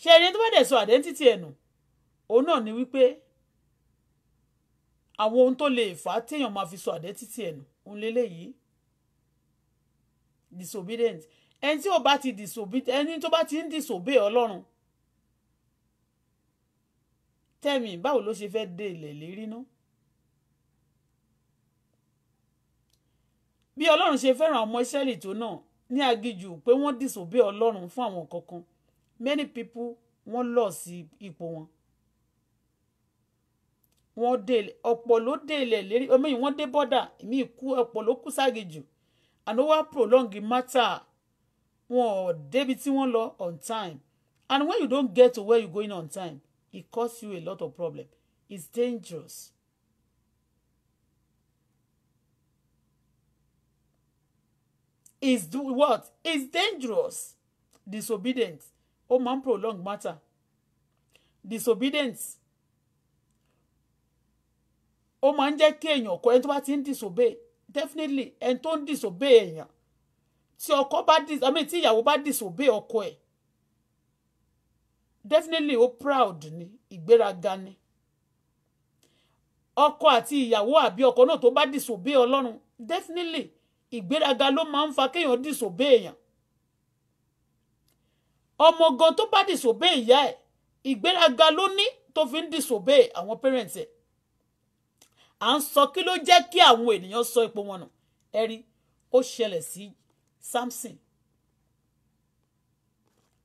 Speaker 1: ṣe ẹni tó bá dẹ̀ sọ àdẹ́tìtì ẹ̀ nù òun náà ni wípé àwọn ohun tó lè fà á téèyàn máa fi sọ àdẹ́tìtì ẹ̀ nù òun lélẹ́yìí disobedient ẹni tí ò bá ti disobedient ẹni tó bá ti ń disobey ọlọ́run tẹ́mi báwo ló ṣe fẹ́ dé ilẹ̀ lérí ná. bí ọlọ́run ṣe fẹ́ràn ọmọ ìṣẹ́lì tó náà ní aginjù pé wọ́n disobey ọlọ́run fún àwọn kankan many people wọ́n lọ sí ipò wọn wọ́n dé ọ̀pọ̀ ló dé ilẹ̀ lérí omi wọ́n dé bọ́dà èmi kú ọ̀pọ̀ ló kú ságejù and ó prolonged matter wọn ò débi tí on time and when you don't get to where you going on time it costs you a lot of problem it's dangerous. is do what is dangerous disobedient Oh man, prolonged matter disobedient Oh man, ń jẹ́ kí èèyàn disobey definitely ẹni tó ń disobey èèyàn tí ọkọ bá dis i mean tí ìyàwó bá disobey ọkọ ẹ̀ definitely ó proud ni ìgbéraga ni ọkọ àti ìyàwó àbí ọkọ náà tó bá disobey Ọlọ́run definitely ìgbéraga ló máa ń fa kéèyàn disobey èèyàn ọmọ gan tó bá disobey ìyá ẹ̀ ìgbéraga ló ní tó fi ń disobey àwọn parents ẹ̀ à ń sọ kí ló jẹ́ kí àwọn ènìyàn sọ ipò wọn nù ẹ rí ó ṣẹlẹ̀ sí Samson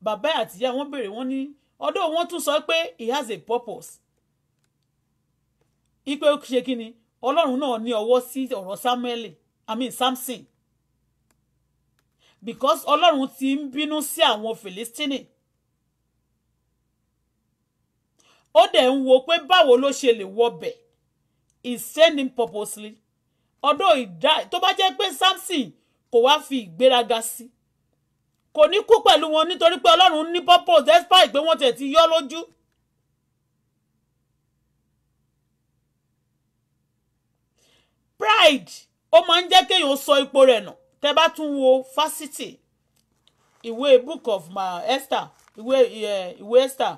Speaker 1: bàbá àtìyá wọn béèrè wọn ní ọdọ wọn tún sọ pé he has a purpose ipe ó ṣe kí ni ọlọ́run náà ní ọwọ́ sí ọ̀rọ̀ Samuel I mean Samson because ọlọ́run ti ń bínú sí àwọn Philistine ó dẹ̀ ń wo pé báwo ló ṣe lè wọbẹ̀ he sent him purposely although he died tó bá jẹ́ pé Samson kò wá fi ìgbéraga sí kò ní kú pẹ̀lú wọn nítorí pé Ọlọ́run ní purpose despite pé wọ́n tẹ̀ ti yọ́ lójú. pride ó máa ń jẹ́ kéèyàn sọ ipò rẹ̀ nà tẹ́ bá tún wo fásitì ìwé book of ma Esther ìwé eh, ìwé Esther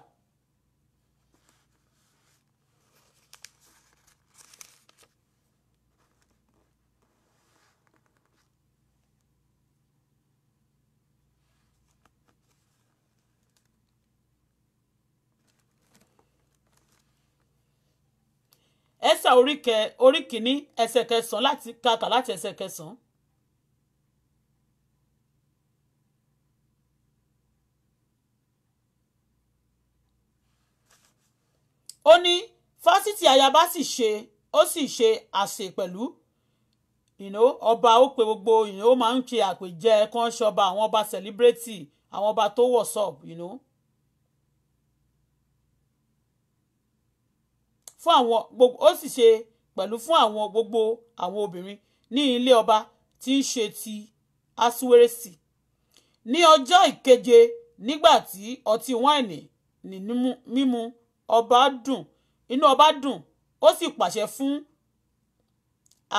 Speaker 1: ẹsà oríkẹ oríkìíní ẹsẹ̀ kẹsànán láti kàkà láti ẹsẹ̀ kẹsànán. ó ní fásitì ayaba sì ṣe ó sì ṣe àsè pẹ̀lú ìnáwó ọba ó pe gbogbo ìnáwó máa ń ṣe àpèjẹ kan ṣọba àwọn ọba sẹlíbrétì àwọn ọba tó wọ̀ sọ̀b ìnáwó. You know? fún àwọn gbogbo ó sì ṣe pẹ̀lú fún àwọn gbogbo àwọn obìnrin ní ilé ọba tí ń ṣe ti Asuweresi ní ọjọ́ ìkeje nígbà tí ọtí wáìnì ní mímu ọba dùn inú ọba dùn ó sì pàṣẹ fún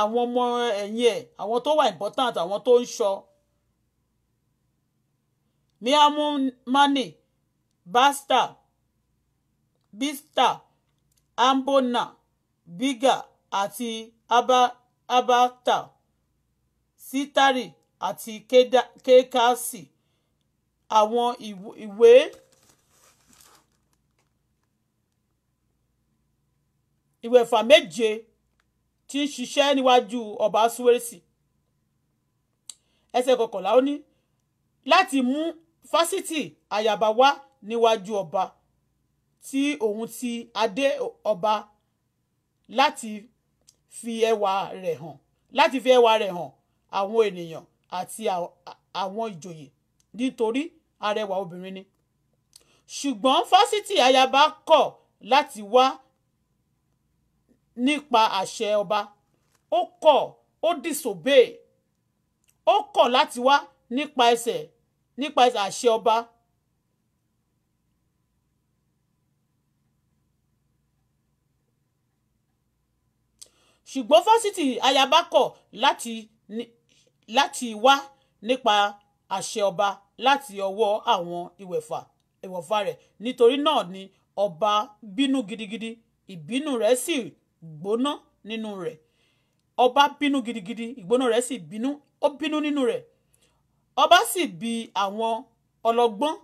Speaker 1: àwọn ọmọ ẹ̀yìn ẹ̀ àwọn tó wà important àwọn tó ń ṣọ́ miamumani basta bista ambona biga àti aba abata sitari àti kékàsì àwọn ìwé ìwẹ̀fà méje tí ń ṣiṣẹ́ níwájú ọba suwérésì ẹsẹ̀ kọkànlá ó ní láti mú fásitì àyàbá wá níwájú ọba tí òun ti adé ọba láti fi ẹwà rẹ̀ hàn láti fi ẹwà rẹ̀ hàn àwọn ènìyàn àti àwọn ìjòyè nítorí arẹwà obìnrin ni ṣùgbọ́n fásitì ayaba kọ̀ láti wá nípa àṣẹ ọba ó kọ̀ ó disobey ó kọ̀ láti wá nípa ẹsẹ̀ nípa ẹsẹ̀ àṣẹ ọba ṣùgbọ́n fásitì ayaba kọ̀ láti láti wá nípa àṣẹ ọba láti ọwọ́ àwọn ìwẹ̀fà ìwọ̀fà rẹ̀ nítorí náà ni ọba bínú gidigidi ìbínú rẹ̀ sì gbóná nínú rẹ̀ ọba bínú gidigidi ìgbóná rẹ̀ sì bínú ó bínú nínú rẹ̀ ọba sì bi àwọn ọlọ́gbọ́n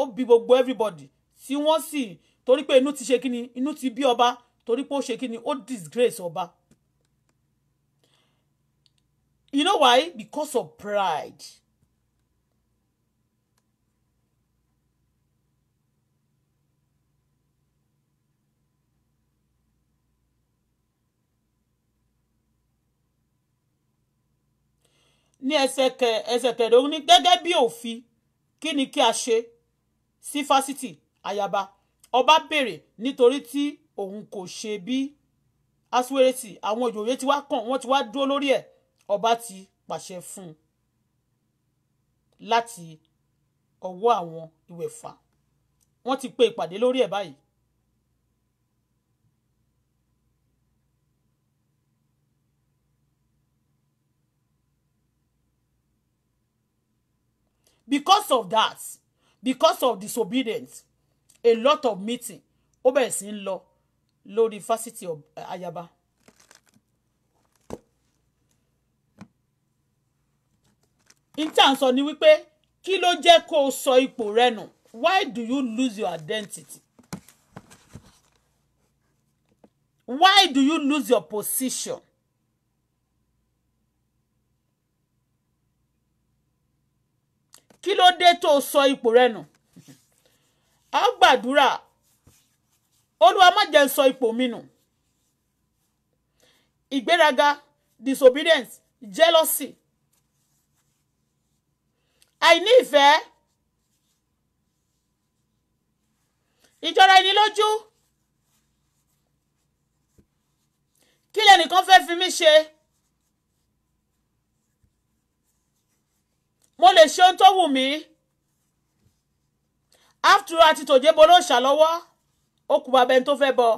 Speaker 1: ó bi gbogbo everybody tí wọ́n sì torí pé inú ti ṣe kíni inú ti bí ọba torí pé ó ṣe kíni ó disgrace ọba You know why? Because of pride. ní ẹsẹkẹ ẹsẹkẹrẹ òun ni gẹ́gẹ́ bí òfin kí ni kí a ṣe sí fásitì ayaba ọba béèrè nítorí tí òun kò ṣe bí asúwèrètì àwọn ìjòyè ti wá kàn wọ́n ti wá dúró lórí ẹ̀ ọba ti pàṣẹ fún un láti ọwọ́ àwọn ìwẹ̀fà wọ́n ti pe ìpàdé lórí ẹ̀ báyìí. because of that because of disobedience a lot of meeting ó bẹ̀rẹ̀ sí ń lọ lórí fásitì ayaba. ìtí à ń sọ ni wípé kí ló jẹ́ kó o sọ ipò rẹ nù why do you lose your identity why do you lose your position kí ló dé tó o sọ ipò rẹ nù a gbàdúrà olúwa má jẹ́ sọ ipò mi nù ìgbéraga disobedience jealousy àìní ìfẹ́ ìjọra ẹni lójú kí lẹnìkan fẹ́ fi mí ṣe mo lè ṣe ohun tó wù mí after àti tòjébo ló ṣàlọ́wọ́ ó kù bàbá ẹni tó fẹ́ bọ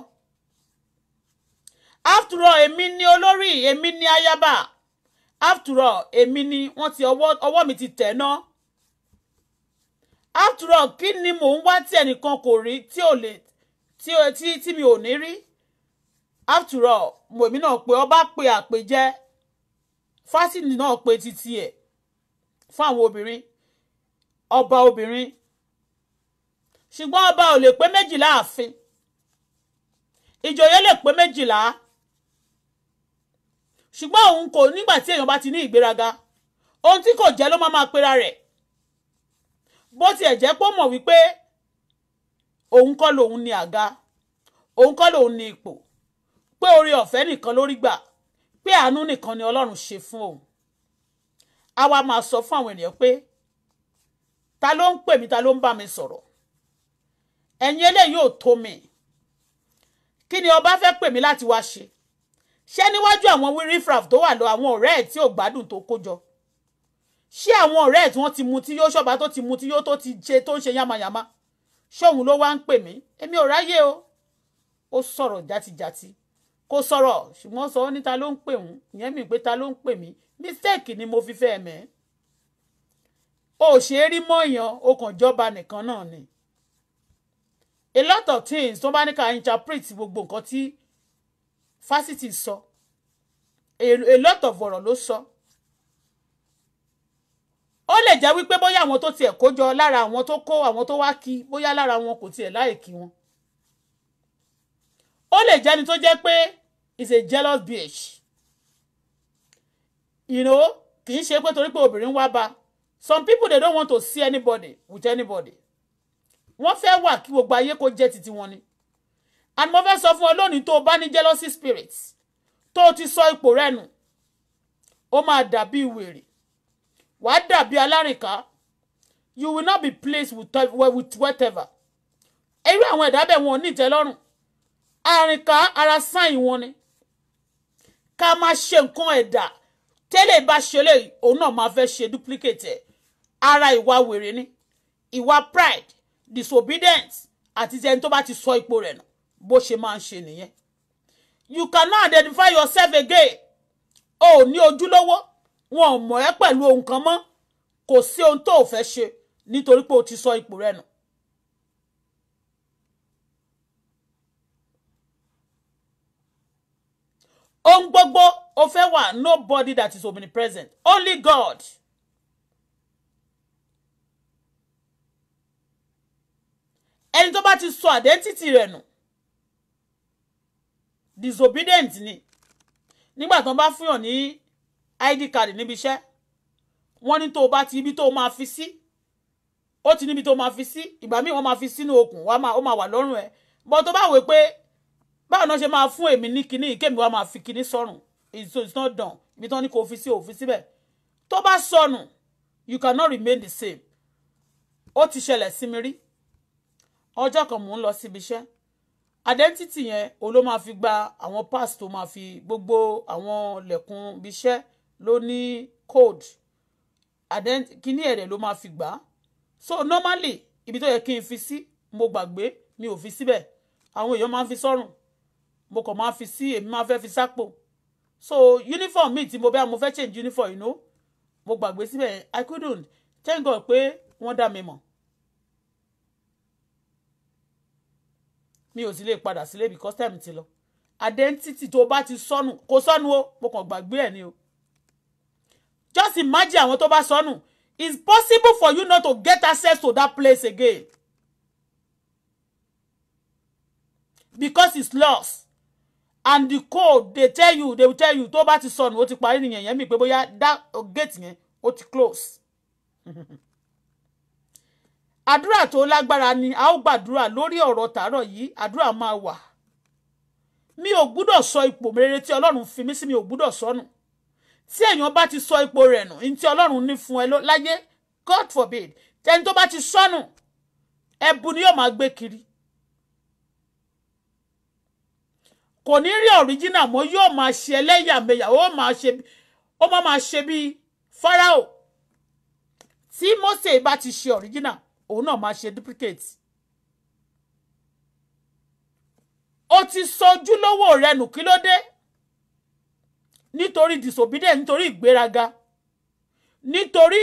Speaker 1: after all èmi ni olórí èmi ni ayaba after all èmi ni wọ́n ti ọwọ́ mi ti tẹ̀ náà after all kí ni mò ń wá tí ẹnìkan kò rí tí ò lè tí tí mi ò ní rí after all mòmí náà pé ọba pé àpèjẹ fásitì náà pé títí ẹ̀ fún àwọn obìnrin ọba obìnrin ṣùgbọ́n ọba ò lè pé méjìlá àfin ìjòyè lè pé méjìlá ṣùgbọ́n òun kò nígbà tí èèyàn bá ti ní ìgbéraga ohun tí kò jẹ́ ló máa máa pera rẹ̀ bó tiẹ̀ jẹ́ pé ó mọ̀ wípé òun kọ́ lòun ni àga òun kọ́ lòun ni ipò pé oore ọ̀fẹ́ nìkan lórí gbà pé àánú nìkan ni ọlọ́run ṣe fún òun a wá máa sọ fún àwọn ènìyàn pé ta ló ń pè mí ta ló ń bá mi sọ̀rọ̀ ẹ̀yin eléyìí ò tó mi kí ni ọba fẹ́ pè mí láti wá ṣe ṣé níwájú àwọn wírífraf tó wà lọ àwọn ọ̀rẹ́ ẹ̀ tí ò gbádùn tó kó jọ ṣé àwọn ọ̀rẹ́ ẹ̀ tí wọ́n ti mu tí yó ṣọ̀bá tó ti mu tí yó tó ti ṣe tó ń ṣe yámayàmá ṣóun ló wá ń pè mí èmi ò ráyè o ó sọ̀rọ̀ játijàti kò sọ̀rọ̀ ṣùgbọ́n sọ ní ta ló ń pè òun ìyẹn mi pé ta ló ń pè mí mistake ni mo fi fẹ́ mẹ́ o ò ṣe é rí mọ́yàn o kàn jọba nìkan náà ni a lot of things tó bá ní ká interpret gbogbo nǹkan tí fásitì sọ a lot of ọ̀rọ̀ ló sọ. So ó lè jẹ́ wípé bóyá àwọn tó tiẹ̀ kó jọ lára àwọn tó kó àwọn tó wá kí bóyá lára wọn kò tiẹ̀ láìkí wọn ó lè jẹ́ ni tó jẹ́ pé is a jealous bitch you know kì í ṣe pé torí pé obìnrin wá bá some people they don't want to see anybody with anybody wọ́n fẹ́ wà kí gbogbo ayé kó jẹ́ titi wọn ni and mo fẹ́ sọ fún ọ lónìí tó o bá ní jealousy spirit tó o ti sọ ipò rẹ nù ó máa dàbí wèrè wàá dàbí alárìnká you will not be pleased with, with whatever irú àwọn ẹ̀dá bẹ́ẹ̀ wọn ò ní ìtẹ́lọ́rùn àrìnká ara sáìn wọn ni ká máa ṣe nǹkan ẹ̀dá tẹ́lẹ̀ bá ṣe lè òun náà máa fẹ́ ṣe duplicate ẹ̀ ara ìwà wèrè ni ìwà pride disobedience àti ẹni tó bá ti sọ ipò rẹ̀ nù bó ṣe máa ń ṣe nìyẹn you cannot identify yourself again o ò ní ojúlówó wọn ò mọ̀ ẹ́ pẹ̀lú ohun kan mọ́ kò sí ohun tó o fẹ́ ṣe nítorí pé o ti sọ ipò rẹ nù. ohun gbogbo o fẹ́ wà nobody that is omnipresent only God. ẹni tó bá ti sọ identity rẹ̀ nù disobedient ni nígbà tó bá fún ní id card níbi iṣẹ́ wọ́n ní tó o bá ti ibi tó o máa fi sí ó ti níbi tó o máa fi sí ìgbà míì wọ́n máa fi sínú okùn ó máa wà lọ́rùn ẹ̀ bọ́ tó bá wò pé báwo náà ṣe máa fún èmi ní kinní ìkémi wa máa fi kinní sọnù it's it's not done ibi tí wọ́n ní kò fi sí òfin síbẹ̀ tó bá sọnù you cannot remain the same ó ti ṣẹlẹ̀ sí mi rí ọjọ́ kan mò ń lọ síbi iṣẹ́ identity yẹn òun ló máa fi gba àwọn pass tó máa fi gbogbo àwọn lẹ̀kùn ibi iṣẹ́ ló ní code kíní ẹ̀rẹ̀ ló máa fi gbà á so normally ibi tó yẹ kí n fi sí mo gbàgbé mi ò fi síbẹ̀ àwọn èèyàn máa ń fi sọ́rùn mo kàn máa fi sí èmi máa fẹ́ fi sápò so uniform mi tí mo bẹ́ẹ̀ mo fẹ́ change uniform you know mo gbàgbé síbẹ̀ i couldn't thank god pé wọ́n dá mi mọ̀ mi ò sì lè padà sílé because time ti lọ identity tó bá ti sọnù kò sọnù o mo kàn gbàgbé ẹ̀ ni o just imagine àwọn tó bá sọnù it's possible for you not to get access to that place again because it's lost and the code they tell you they will tell you tó bá ti sọnù ó ti parí nìyẹn yẹn mi pé bóyá that gate yẹn ó ti close àdúrà tó lágbára ni a ó gbàdúrà lórí ọ̀rọ̀ tàárọ̀ yìí àdúrà máa wà mi ò gbúdọ̀ sọ ipò rere tí Ọlọ́run fi mí sí mi ò gbúdọ̀ sọnù. So tí èèyàn bá ti sọ ipò rẹ̀ nù ní tí ọlọ́run ní fún ẹ láyé god forbid tẹni tó bá ti sọnù ẹbu ni yóò máa gbé kiri kò ní rí original mọ́ yóò máa ṣe ẹlẹ́yàmẹ̀yà ó máa ṣe ó máa máa ṣe bíi farao tí mose bá ti ṣe original òun náà máa ṣe duplicate ó ti sọ ojúlówó rẹ nù kí ló dé nítorí disobedience nítorí ìgbéraga nítorí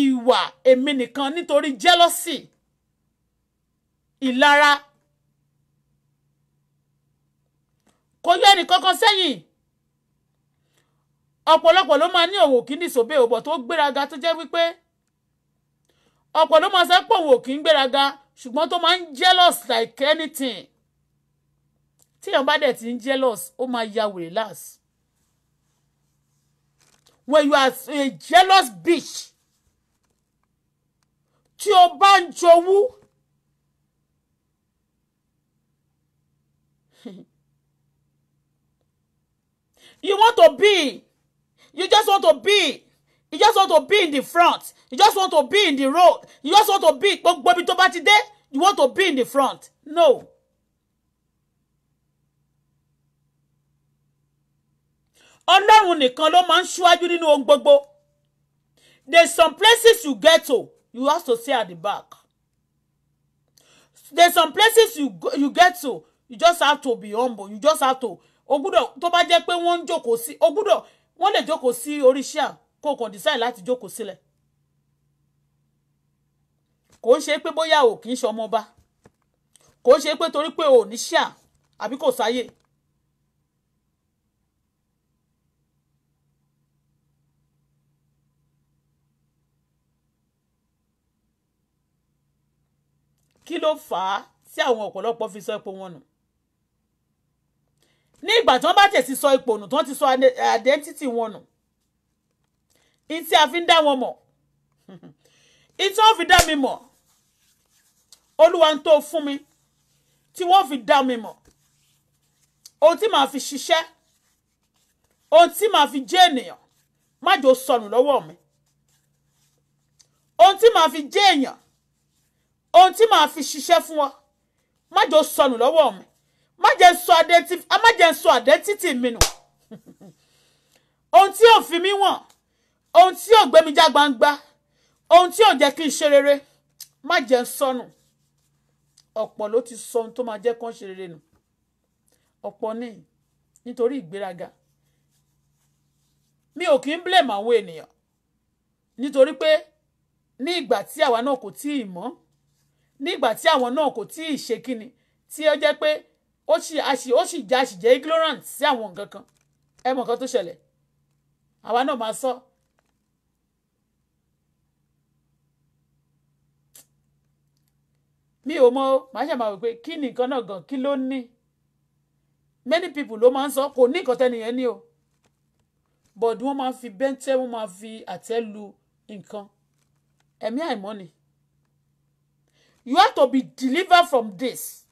Speaker 1: ìwà èmi nìkan nítorí jealousy ìlara kò yọ ẹnì kankan sẹ́yìn ọ̀pọ̀lọpọ̀ ló máa ní òwò kí ní ìsòbé òbọ̀ tó gbéraga tó jẹ́ wípé ọ̀pọ̀ ló máa sẹ́ òwò kí ń gbéraga ṣùgbọ́n tó máa ń jealous like anything téèyàn bá dẹ̀ ti ń jealous ó máa ya wèrè last when you are a jealous bitch tí o bá ń jowú you want to be you just want to be you just want to be in the front you just want to be in the road you just want to be gbogbo ibi tó bá ti dé you want to be in the front no. ọlọ́run nìkan ló máa ń ṣíwájú nínú ohun gbogbo there's some places you get to you have to stay at the back there's some places you, go, you get to you just have to be humble you just have to o gbúdọ̀ tó bá jẹ́ pé wọ́n ń jókòó sí o gbúdọ̀ wọ́n lè jókòó sí oríṣià kó o kàn decide láti jókòó sílẹ̀ kò ń ṣe pé bóyá o kì í ṣe ọmọọba kò ń ṣe pé torí pé o ò ní ṣíà àbí kò sáyè kí ló fà á tí àwọn ọ̀pọ̀lọpọ̀ fi sọ ipò wọn nù ní ìgbà tí wọ́n bá tẹ̀sí sọ ipò nù tí wọ́n ti sọ identity wọn nù ìyí tí a fi ń dá wọn mọ̀ ìyí tí wọ́n fi dá mi mọ̀ olúwa ń tó fún mi tí wọ́n fi dá mi mọ̀ ohun tí màá fi ṣiṣẹ́ ohun tí màá fi jẹ́ ènìyàn má jò sọnù lọ́wọ́ mi ohun tí màá fi jẹ́ èèyàn ohun tí màá fi ṣiṣẹ́ fún ọ má jẹ́ sọnù lọ́wọ́ mi má jẹ́ sọ àdẹ́tìtì mi nù ohun tí ò fi mí wọ̀n ohun tí ò gbé mi já gbangba ohun tí ò jẹ́ kí n ṣe rere má jẹ́ sọnù ọ̀pọ̀ ló ti sọ ohun tó máa jẹ́ kán ṣe rere nù ọ̀pọ̀ ní nítorí ìgbéraga mi ò kí ń blame àwọn ènìyàn nítorí pé ní ìgbà tí àwa náà kò tíì mọ̀ nígbà tí àwọn náà kò tí ì ṣe kíni tí ó jẹ́ pé ó sì àṣì ó sì jẹ́ àṣì jẹ́ ignorant sí àwọn nǹkan kan ẹ mọ̀ nǹkan tó ṣẹlẹ̀ àwa náà máa sọ. mi ò mọ màá ṣe máa wò pé kí ni náà gan kí ló ní many people ló máa ń sọ kò ní nǹkan tẹ́nìyẹn ní o bọ̀dù wọ́n máa fi bẹ́ńtẹ́ wọ́n máa fi àtẹ́ lu nǹkan ẹ̀mí àìmọ́ ni. You have to be delivered from this.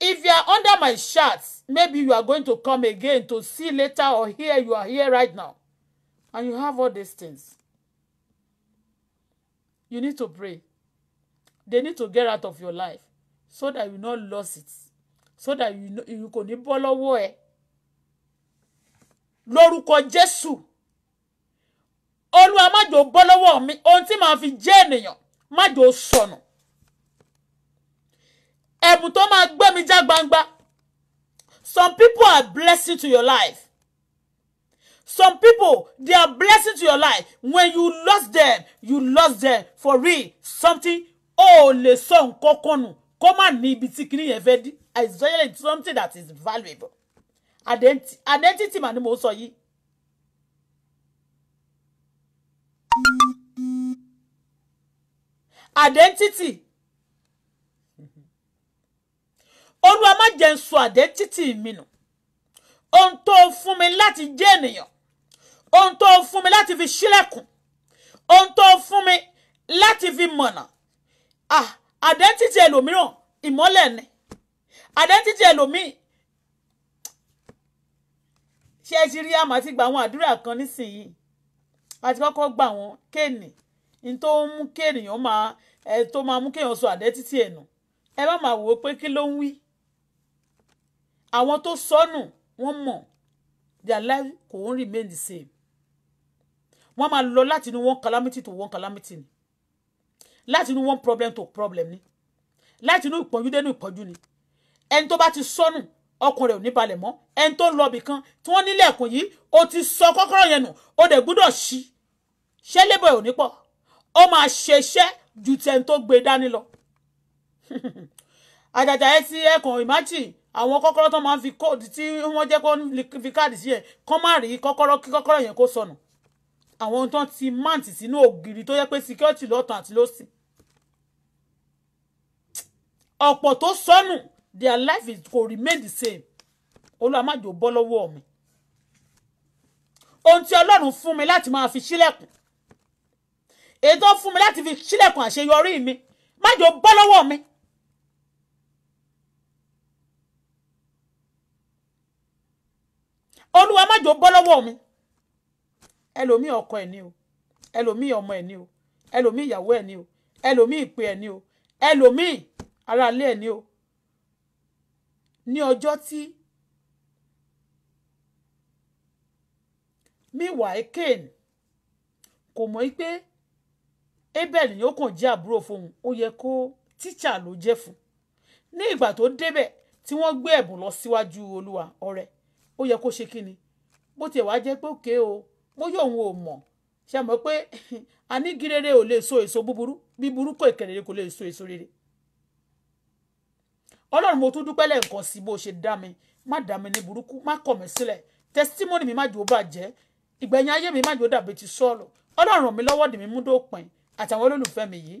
Speaker 1: If you are under my shirts, maybe you are going to come again to see later or here. you are here right now. And you have all these things. You need to pray. They need to get out of your life so that you not lose it. So that you you can ní bọ́ lọ́wọ́ ẹ̀. Lórúkọ Jésù. Olúwa má jò bọ́ lọ́wọ́ mi ohun tí fi jẹ́ ènìyàn má jò sọnù ẹ̀bùn tó máa gbé mi já gbangba some people are blessing to your life some people they are blessing to your life when you lost them you lost them for real something ó lè sọ nǹkan kan nù kó má ní ibi tí kinní fẹ́ dí especially something that is valuable identity mà ni mo sọ yìí identity olúwa má jẹ́ n sọ identity mi nù ohun tó fún mi láti jẹ́ ènìyàn ohun tó fún mi láti fi ṣílẹ̀kùn ohun tó fún mi láti fi mọ̀nà ah identity ẹlòmíràn ìmọ́lẹ̀ ni identity ẹlòmíì ṣé ẹ ti rí àmọ́ àti gba àwọn àdúrà kan nísìnyí àti kọ́kọ́ gba àwọn kéènì n tó ń mú kéèyàn máa ẹ tó máa mú kéèyàn sọ àdẹ́títì ẹ̀ nù ẹ bá máa wò ó pé kí ló ń wí àwọn tó sọnù wọ́n mọ̀ their life kò ń remain the same wọ́n máa lọ láti inú one calamity to one calamity ni láti inú one problem to problem ni láti inú ìpọ́njú dénú ìpọ́njú ni ẹni tó bá ti sọnù ọkàn rẹ̀ ò ní balẹ̀ mọ́ ẹni tó ń lọ ibì kan tí wọ́n nílẹ̀kùn yìí ó ti sọ kọ́kọ́rọ́ yẹn nù ó dẹ̀ gbúdọ̀ ṣí ṣé lébọ̀ ò ní pọ̀ ó máa ṣeṣẹ́ ju tẹni tó gbé dání lọ àjàjà ẹ ti ẹkàn imagine àwọn kọ́kọ́rọ́ tó máa ń fi kóòdù tí wọ́n jẹ́ kó fi káàdì sí ẹ̀ kọ́ má rí kọ́kọ́rọ́ kí kọ́kọ́rọ́ yẹn kó sọnù àwọn ohun tó ti máǹtì sínú ògiri tó yẹ pé security lọ́tàn àti lọ́sì ọ̀pọ̀ tó sọnù their life is go remain the same olúwa má jò bọ́ lọ́wọ́ mi ohun tí ọlọ́run fún mi láti máa fi sílẹ̀kùn èyí tó fún mi láti fi sílẹ̀kùn àṣeyọrí mi má jò bọ́ lọ́wọ́ mi. olúwa má jò bọ́ lọ́wọ́ mi ẹlòmíì ọkọ ẹ̀ ni o ẹlòmíì ọmọ ẹ̀ ni o ẹlòmíì ìyàwó ẹ̀ ni o ẹlòmíì ìpè ẹ̀ ni o ẹlòmíì aráalé ẹ̀ ni o ní ọjọ́ tí meanwhile Cain kò mọ̀ pé abel ni ó kàn jẹ́ àbúrò fóun ó yẹ kó tíṣà ló jẹ́ fún ní ìgbà tó débẹ̀ tí wọ́n gbé ẹ̀bùn lọ síwájú olúwa ọ̀rẹ́ ó yẹ kó ṣe kí ni bó tiẹ̀ wá jẹ́ pé òkè o bóyá òun ò mọ̀ ṣe mọ̀ pé anígirere ò lè so èso búburú bí burúkú ìkẹrẹ̀rẹ̀ kò lè so èso rere ọlọ́run mo tún dúpẹ́ lẹ́ẹ̀kan sí bó ṣe dá mi má dá mi ní burúkú má kọ̀ mí sílẹ̀ testimony mi má jò bàjẹ́ ìgbẹ̀yìn ayé mi má jò dàbí ti sọ́ọ̀lù ọlọ́run mi lọ́wọ́ dì mí mú dópin àtàwọn olólùfẹ́ mi yìí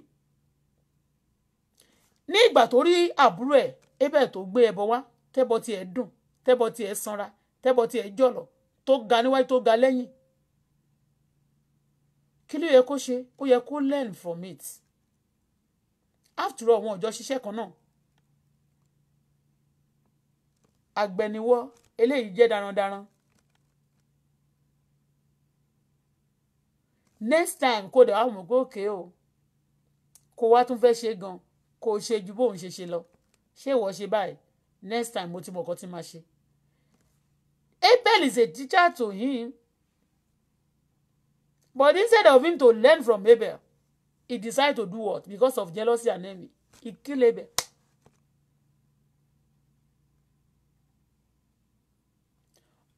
Speaker 1: ní ìgbà tó rí àbúrò ẹ̀ ebẹ̀ tó gbé ẹbọ wá tẹ́bọ tí ẹ dùn tẹ́bọ tí ẹ sanra tẹ́bọ tí ẹ jọ̀lọ̀ tó ga níwájú tó ga lẹ́yìn kí ló yẹ kó ṣe ó yẹ kó learn from it after all wọn ò jọ ṣiṣẹ́ kan náà àgbẹ̀niwọ́ eléyìí jẹ́ darandaran next time kó dẹ̀ wá mọ̀ pé òkè o kó wá tún fẹ́ ṣe gan kó ṣe ju bóun ṣe ṣe lọ ṣé ìwọ ṣe báyìí next time mo ti mọ̀ nǹkan tí máa ṣe. Abel is a teacher to him but instead of him to learn from Abel he decide to do what because of jealousy and envy he kill Abel.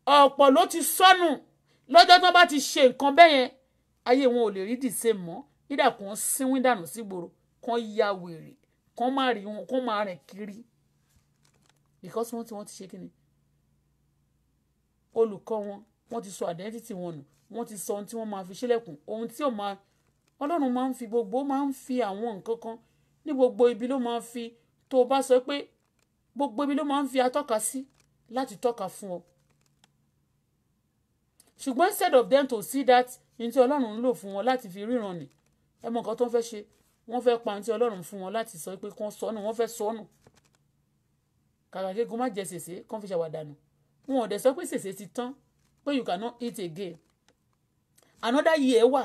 Speaker 1: ọ̀pọ̀ ló ti sọnù lọ́jọ́ tó bá ti ṣe nǹkan bẹ́yẹn ayé wọn ò lè rí dìse mọ́ ìdá kan sínwín dànù sígboro kan ya wèrè kan má rí wọn kan má rìn kiri because wọ́n ti wọ́n ti ṣe kíni olùkọ́ wọn wọ́n ti sọ identity wọn nù wọ́n ti sọ ohun tí wọ́n máa fi ṣílẹ̀kùn ohun tí ò máa ọlọ́run máa ń fi gbogbo máa ń fi àwọn nǹkan kan ní gbogbo ibi ló máa ń fi tó o bá sọ pé gbogbo ibi ló máa ń fi atọ́ka sí láti tọ́ka fún ọ ṣùgbọ́n instead of them to see that ní tí ọlọ́run ń lò fún wọn láti fi ríran ni ẹ mọ nǹkan tó ń fẹ́ ṣe wọ́n fẹ́ pa ní tí ọlọ́run fún wọn láti sọ pé kán sọnù wọ́n fẹ́ sọnù kàkà kéegun má jẹ sèse kán fi ṣàwàdànù wọn ò dẹ̀ sọ pé sèse ti tán pé you cannot eat again another year wà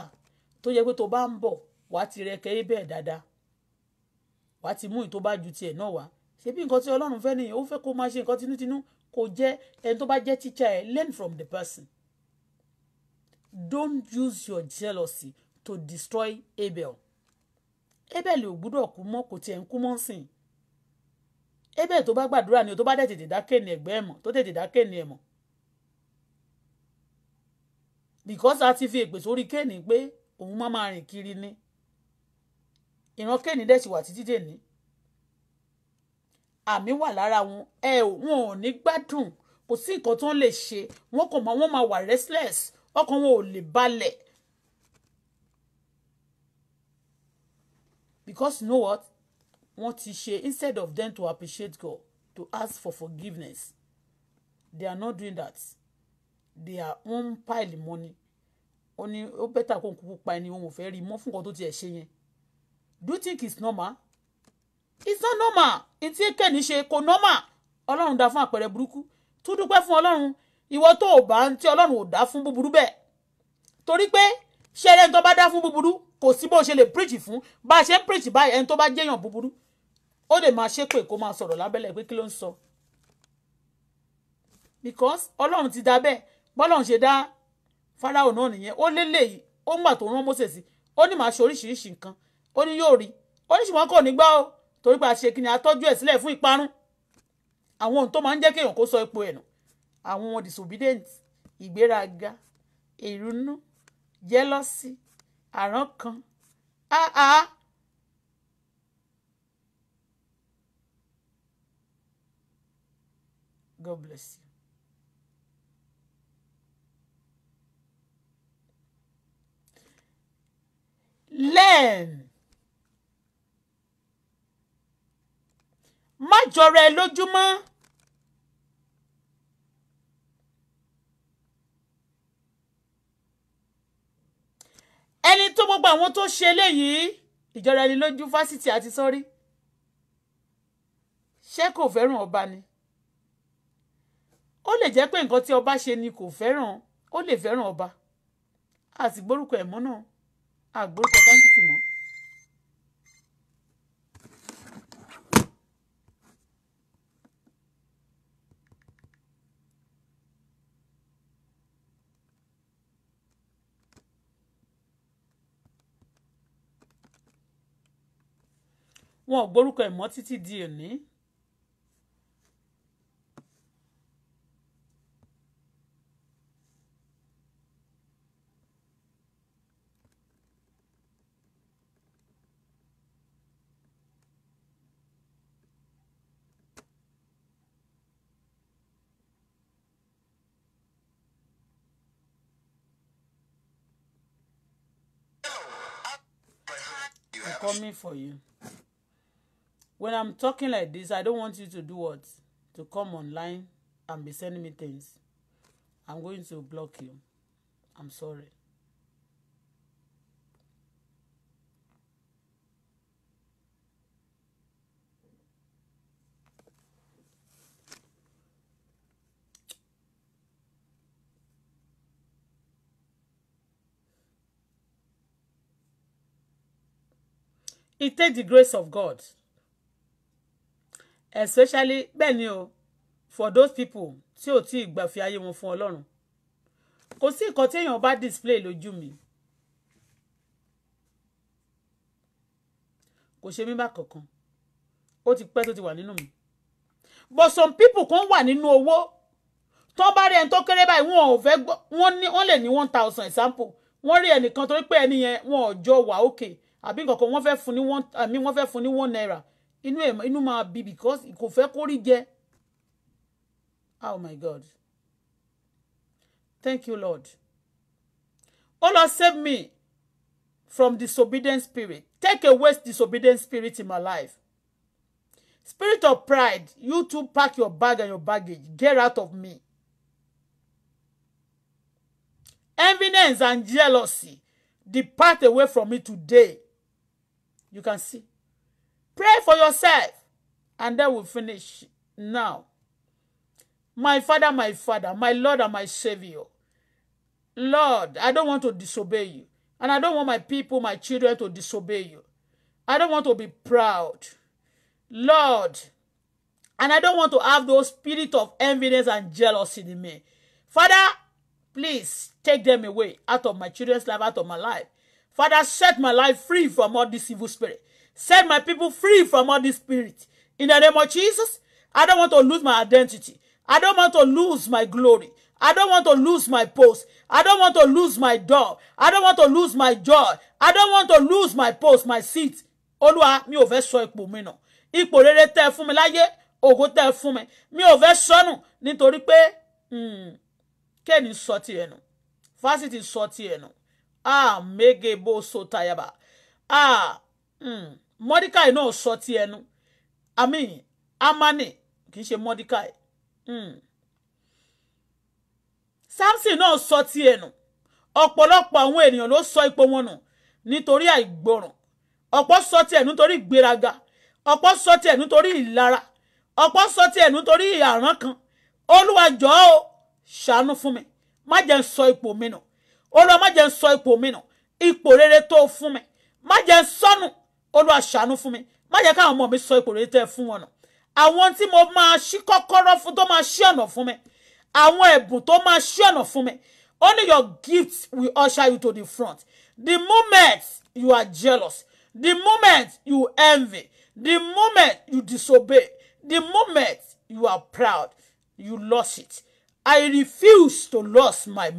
Speaker 1: tó yẹ pé tó bá ń bọ̀ wàá ti rẹ kẹ́ẹ́ bẹ́ẹ̀ dáadáa wàá ti mú ìtó bá ju tiẹ̀ náà wá ṣebí nǹkan tí ọlọ́run fẹ́ nìyẹn ó fẹ́ kó máa ṣe nǹkan tinútinú kò jẹ́ ẹni tó bá jẹ́ teacher ẹ̀ learn from the person don't use your jealousy to destroy Abel Abel ò gbúdọ̀ kú mọ́ kò tiẹ̀ ń kú mọ́ sìn Abel tó bá gbàdúrà ni o tó bá dẹ̀ tètè dákẹ́ ni ẹ̀gbẹ́ ẹ̀ mọ̀ tó tètè dákẹ́ ni ẹ̀ mọ̀ because a ti fi èpè sórí kéènì pé òun má máa rìn kiri ni ìran kéènì dẹ̀ sì wà títí dèní àmì wà lára wọn ẹ wọn ò ní gbádùn kò sí nǹkan tó ń lè ṣe wọn kò mọ wọn máa wà restless ọkàn wọn ò lè balẹ̀ because you know what wọ́n ti ṣe instead of them to appreciate God to ask for forgiveness they are not doing that they are on pile money ó ní ó bẹ́tà kó n kúkú pa ẹni òun ò fẹ́ rí mọ́ fún nǹkan tó tiẹ̀ ṣe yẹn do you think it's normal it's not normal etí kẹ́ni ṣe kò normal ọlọ́run dá fún àpẹẹrẹ burúkú tó dúpẹ́ fún ọlọ́run ìwọ tó o bá ń tí ọlọ́run ò dá fún búburú bẹ́ẹ̀ torí pé ṣé ẹni tó bá dá fún búburú kò sí bó ṣe lè preach fún bá a ṣe ń preach báyìí ẹni tó bá jẹ́yàn búburú ó lè máa ṣépè kó máa sọ̀rọ̀ lábẹ́lẹ̀ pé kí ló ń sọ because ọlọ́run ti dá bẹ́ẹ̀ bọ́lọ́run ṣe dá Fáráò náà nìyẹn ó lélẹ̀ yìí ó ń gbà tó rán Mósè sí ó ní màá ṣe oríṣiríṣi nǹkan ó ní yóò rí ó ní ṣùgbọ́n kò ní gbà o torí pé àṣekìnrin atọ́jú ẹ̀ sílẹ̀ fún ìparun àwọn ohun tó máa ń jẹ́ kéèyàn kó sọ ipò ẹ̀ nù àwọn disobedent. disobedient ìgbéraga ìrunú jẹ́lọ́sì Ah ah. God bless you. Learn. Má jọra ẹ lójúmọ́. tó gbogbo àwọn tó ṣe eléyìí ìjọra ẹni lójú fásitì àti sọ́rí ṣé kò fẹ́ràn ọba ni ó lè jẹ́ pé nǹkan tí ọba ṣe ni kò fẹ́ràn ó lè fẹ́ràn ọba àti gbórúkọ ẹ̀mọ́ náà àgbórúkọ fásitì mọ́. wọn ò gborúkọ ẹ̀ mọ́ títí di òní. I'm coming for you when i'm talking like this i don't want you to do what to come online and be sending me things i'm going to block you i'm sorry It takes the grace of God especially bẹ́ẹ̀ ni o for those people tí ò tí ì gbà fi ayé wọn fún ọlọ́run kò sí nǹkan tí èèyàn bá display lójú mi kò ṣe mí bá kankan ó ti pẹ́ tó ti wà nínú mi but some people kan wà nínú owó tó bá rí ẹni tó kéré báyìí wọn ò fẹ́ gbọ́ wọ́n ní wọ́n lè ní one thousand example wọ́n rí ẹnìkan torí pé ẹni yẹn wọn ò jọ wà òkè àbí nǹkan kan wọ́n fẹ́ fún ní one àmì wọ́n fẹ́ fún ní one naira inú ẹ̀ inú máa bí because kò fẹ́ kó rí jẹ oh my god thank you lord o lord save me from disobedient spirit take away disobedient spirit in my life spirit of pride you too pack your bag and your baggage get out of me enviness and jealousy depart away from me today you can see Pray for yourself. And then we'll finish now. My Father, my Father, my Lord and my Savior. Lord, I don't want to disobey you. And I don't want my people, my children to disobey you. I don't want to be proud. Lord, and I don't want to have those spirit of enviness and jealousy in me. Father, please take them away out of my children's life, out of my life. Father, set my life free from all this evil spirit. Set my people free from all this spirit. In the name of Jesus, I don't want to lose my identity. I don't want to lose my glory. I don't want to lose my post. I don't want to lose my door. I don't want to lose my joy. I don't want to lose my post, my seat. Olúwa mi ò fẹ́ sọ ipò mi nù. Ipò rere tẹ́ ẹ fún mi láyé, ògo tẹ́ ẹ fún mi. Mi ò fẹ́ sọnù nítorí pé hmm, kéènì sọ tiẹ̀ nù. Fásitì sọ tiẹ̀ nù. Ah, mege bo so tayaba. Ah, hmm mordecai náà sọ ti ẹnu amin amani kì í ṣe mordecai hmm. samson náà sọ ti ẹnu ọ̀pọ̀lọpọ̀ àwọn ènìyàn ló sọ ipò wọn nù nítorí àìgbọràn ọ̀pọ̀ sọ ti ẹnu nítorí ìgbéraga ọ̀pọ̀ sọ ti ẹnu nítorí ìlara ọ̀pọ̀ sọ ti ẹnu nítorí àrán kan olúwa jọ̀ọ́ o ṣàánú fún mi má jẹ́ ń sọ ipò mi nù olúwa má jẹ́ ń sọ ipò mi nù ipò rere tó fún mi má jẹ́ ń sọnù olúwa ṣàánú fún mi má jẹ́ káwọn ọmọ mi sọ ipò rere tẹ́ fún wọn nà àwọn tí mo máa ṣí kọ́kọ́rọ́ fún tó máa ṣí ọ̀nà fún mi àwọn ẹ̀bùn tó máa ṣí ọ̀nà fún mi only your gift will usher you to the front the moment you are jealous the moment you envy the moment you disobey the moment you are proud you lost it I refuse to lose my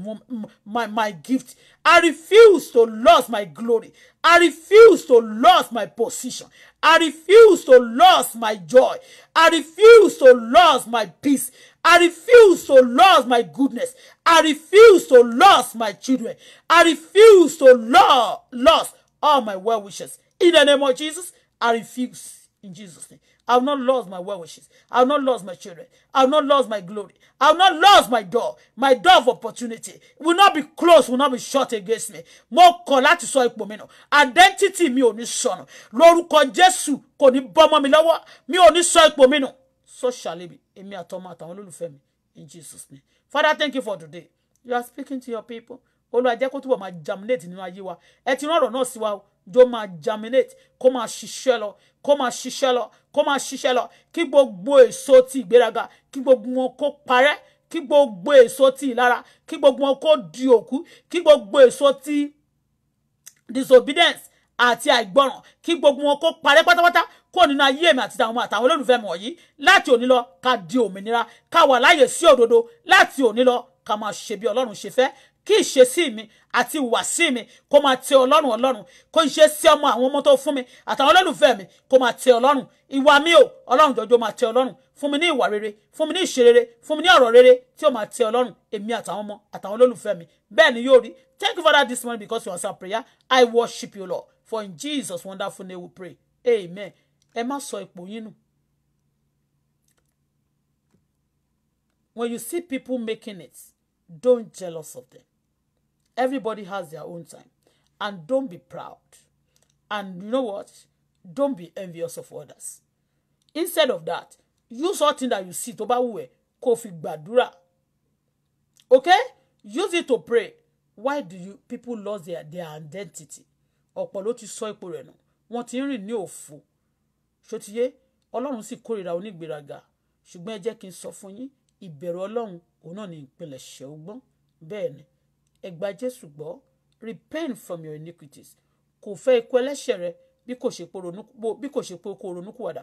Speaker 1: my my gift I refuse to lose my glory. I refuse to lose my position. I refuse to lose my joy. I refuse to lose my peace. I refuse to lose my goodness. I refuse to lose my children. I refuse to lose, all my well wishes. In the name of Jesus, I refuse. In Jesus' name. I've not lost my well wishes. I've not lost my children. I've not lost my glory. I've not lost my door. My door of opportunity will not be closed, will not be shut against me. More kọ̀ láti sọ Identity mi ò ní sọnù. Lórúkọ Jésù kò ní bọ́mọ mi lọ́wọ́. Mi ò ní sọ ipò mi nù. So shall it be. Èmi àtọmọ àtàwọn in Jesus name. Father, thank you for today. You are speaking to your people. Olúwa jẹ́ kó túbọ̀ germinate nínú ayé wa. Ẹ ti rán ọ̀rọ̀ náà sí wa o. Jó máa germinate kó máa ṣiṣẹ́ lọ kó máa ṣiṣẹ́ lọ kó máa ṣiṣẹ́ lọ kí gbogbo èso ti ìgbéraga kí gbogbo wọn kó parẹ́ kí gbogbo èso ti ìlara kí gbogbo wọn kó di òkú kí gbogbo èso ti disobedience àti àìgbọràn kí gbogbo wọn kó parẹ́ pátápátá kó nínú ayé èmi àti àwọn àtàwọn olólùfẹ́ mọ̀ yìí láti òní lọ ká di òmìnira ká wà láàyè sí òdodo láti òní lọ ká máa ṣe bí ọlọ́run ṣe fẹ́ kí ìṣesí mi àti ìwàsí mi kó máa tẹ ọlọ́run ọlọ́run kó ń ṣe sí ọmọ àwọn ọmọ tó fún mi àtàwọn olólùfẹ́ mi kó máa tẹ ọlọ́run ìwà mi ò ọlọ́run jọjọ máa tẹ ọlọ́run fún mi ní ìwà rere fún mi ní ìṣe rere fún mi ní ọ̀rọ̀ rere tí ó máa tẹ ọlọ́run èmi àtàwọn ọmọ àtàwọn olólùfẹ́ mi bẹ́ẹ̀ ni yóò rí thank you father this morning because you answer prayer i worship you lord for in jesus wonderful name we pray amen ẹ má sọ ipò yín nù when you see people making it don't jealous of them Everybody has their own time. And don't be proud. And you know what? Don't be envious of others. Instead of that, use something that you see tó bá wù ẹ́ Okay? Use it to pray. Why do you people lose their their identity? Ọ̀pọ̀ ti sọ ipò rẹ̀ nù. Wọ́n ti ń rìn ní òfo. Ṣòtiyé, Ọlọ́run sì kórìíra onígbéraga. Ṣùgbọ́n ẹ jẹ́ kí n sọ fún yín, ìbẹ̀rù Ọlọ́run òun náà ni ni, ẹ gba Jésù gbọ́ repent from your iniquities kò fẹ́ ikú ẹlẹ́ṣẹ̀ rẹ bí kò ṣe pé kó ronúkúwàdà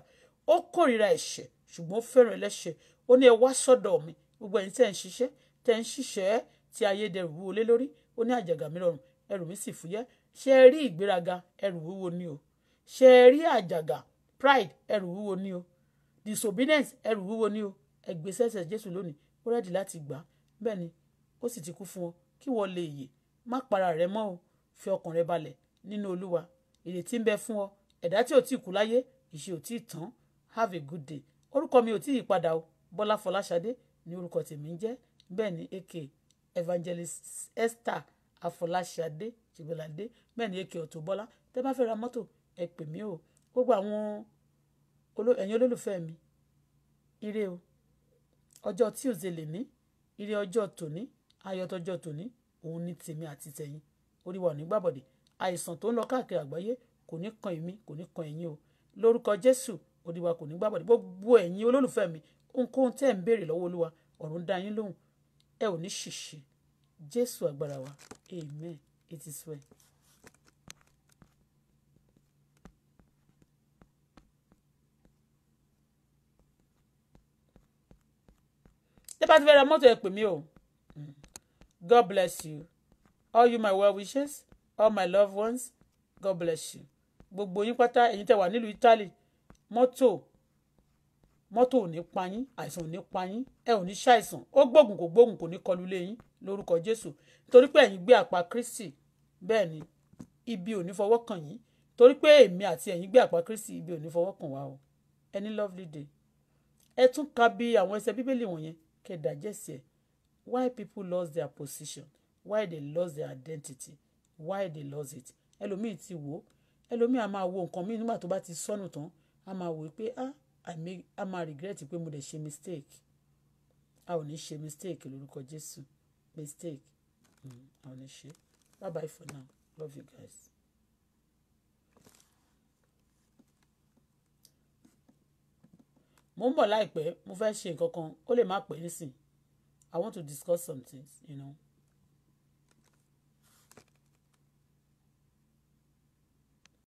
Speaker 1: ó kórìíra ẹ̀ṣẹ̀ ṣùgbọ́n ó fẹ́ràn ẹlẹ́ṣẹ̀ ó ní ẹ wá sọ́dọ̀ mi gbogbo ẹ̀yin tẹ́ ń ṣiṣẹ́ tẹ́ ń ṣiṣẹ́ tí ayédèrú wúwo lé lórí ó ní àjàgà mi ẹrù mi sì fúyẹ́ ṣé ẹ rí ìgbéraga ẹrù wúwo ni o ṣé ẹ rí àjàgà pride ẹrù wúwo ni o disobedience ẹrù wúwo ni o ẹ gbé e sẹ́sẹ̀ Jésù lónìí ó rẹ́dì láti gbà bẹ́ẹ̀ ni ó sì ti kú fún wọn kí wọ́n lè yè má para rẹ mọ́ o fi ọkàn rẹ balẹ̀ nínú olúwa ìrètí ń bẹ fún ọ ẹ̀dá tí ò tí ì kú láyé ìṣe ò tí tán have a good day orúkọ mi ò tí ì padà o bọ́lá fọláṣadé ni orúkọ tèmi ń jẹ́ bẹ́ẹ̀ ni aka evangelist esther afọláṣadé jìgbọ́ládé bẹ́ẹ̀ ni aka ọ̀tún bọ́lá tẹ́ bá fẹ́ ra mọ́tò ẹ pè mí o gbogbo àwọn ẹ̀yin olólùfẹ́ mi ire o ọjọ́ tí ò zèlè ní ire ọjọ́ tòní ayọ̀ tọjọ́ tòní òun ní tèmi àti tẹ̀yin orí wa ò ní gbàbọ̀dè àìsàn tó ń lọ káàkiri àgbáyé kò ní kan èmi kò ní kan ẹ̀yin o lórúkọ Jésù orí wa kò ní gbàbọ̀dè gbogbo ẹ̀yin olólùfẹ́ mi ohunkóhun tẹ́ ẹ̀ ń béèrè lọ́wọ́ Olúwa ọ̀run dá yín lóhùn ẹ ò ní ṣìṣe Jésù agbára wa amen it is well. tẹ́ bá ti fẹ́ ra mọ́tò ẹ pè mí o God bless you. All you my well wishes, all my loved ones, God bless you. Gbogbo yín pátá ẹ̀yin tẹ́ wà nílùú Italy, mọ́tò mọ́tò ò ní pa yín, àìsàn ò ní pa yín, ẹ ò ní ṣàìsàn, ó gbógun kò gbógun kò ní kọlu lé yín lórúkọ Jésù. Torí pé ẹ̀yin gbé àpá Kristi bẹ́ẹ̀ ni ibi oni ní fọwọ́ kàn yín. Torí pé èmi àti ẹ̀yin gbé àpá ibi oni ní fọwọ́ kàn o. Any lovely day. Ẹ tún ka bí àwọn ẹsẹ̀ Bíbélì wọ̀nyẹn kẹ́ dàjẹ́sì ẹ̀ why people lost their position why they lost their identity why they lost it ẹlòmíì ti wò ó ẹlòmíì a máa wo nǹkan míì nígbà tó bá ti sọnù tán a máa wò pé ah i make a máa regret pé mo dẹ̀ ṣe mistake a ò ní ṣe mistake lórúkọ Jésù mistake mm, a ò ní ṣe bye bye for now love you guys. mo ń bọ̀ láìpẹ́ mo fẹ́ ṣe nǹkan kan ó lè má pẹ́ nísìnyí. I want to discuss some things, you know.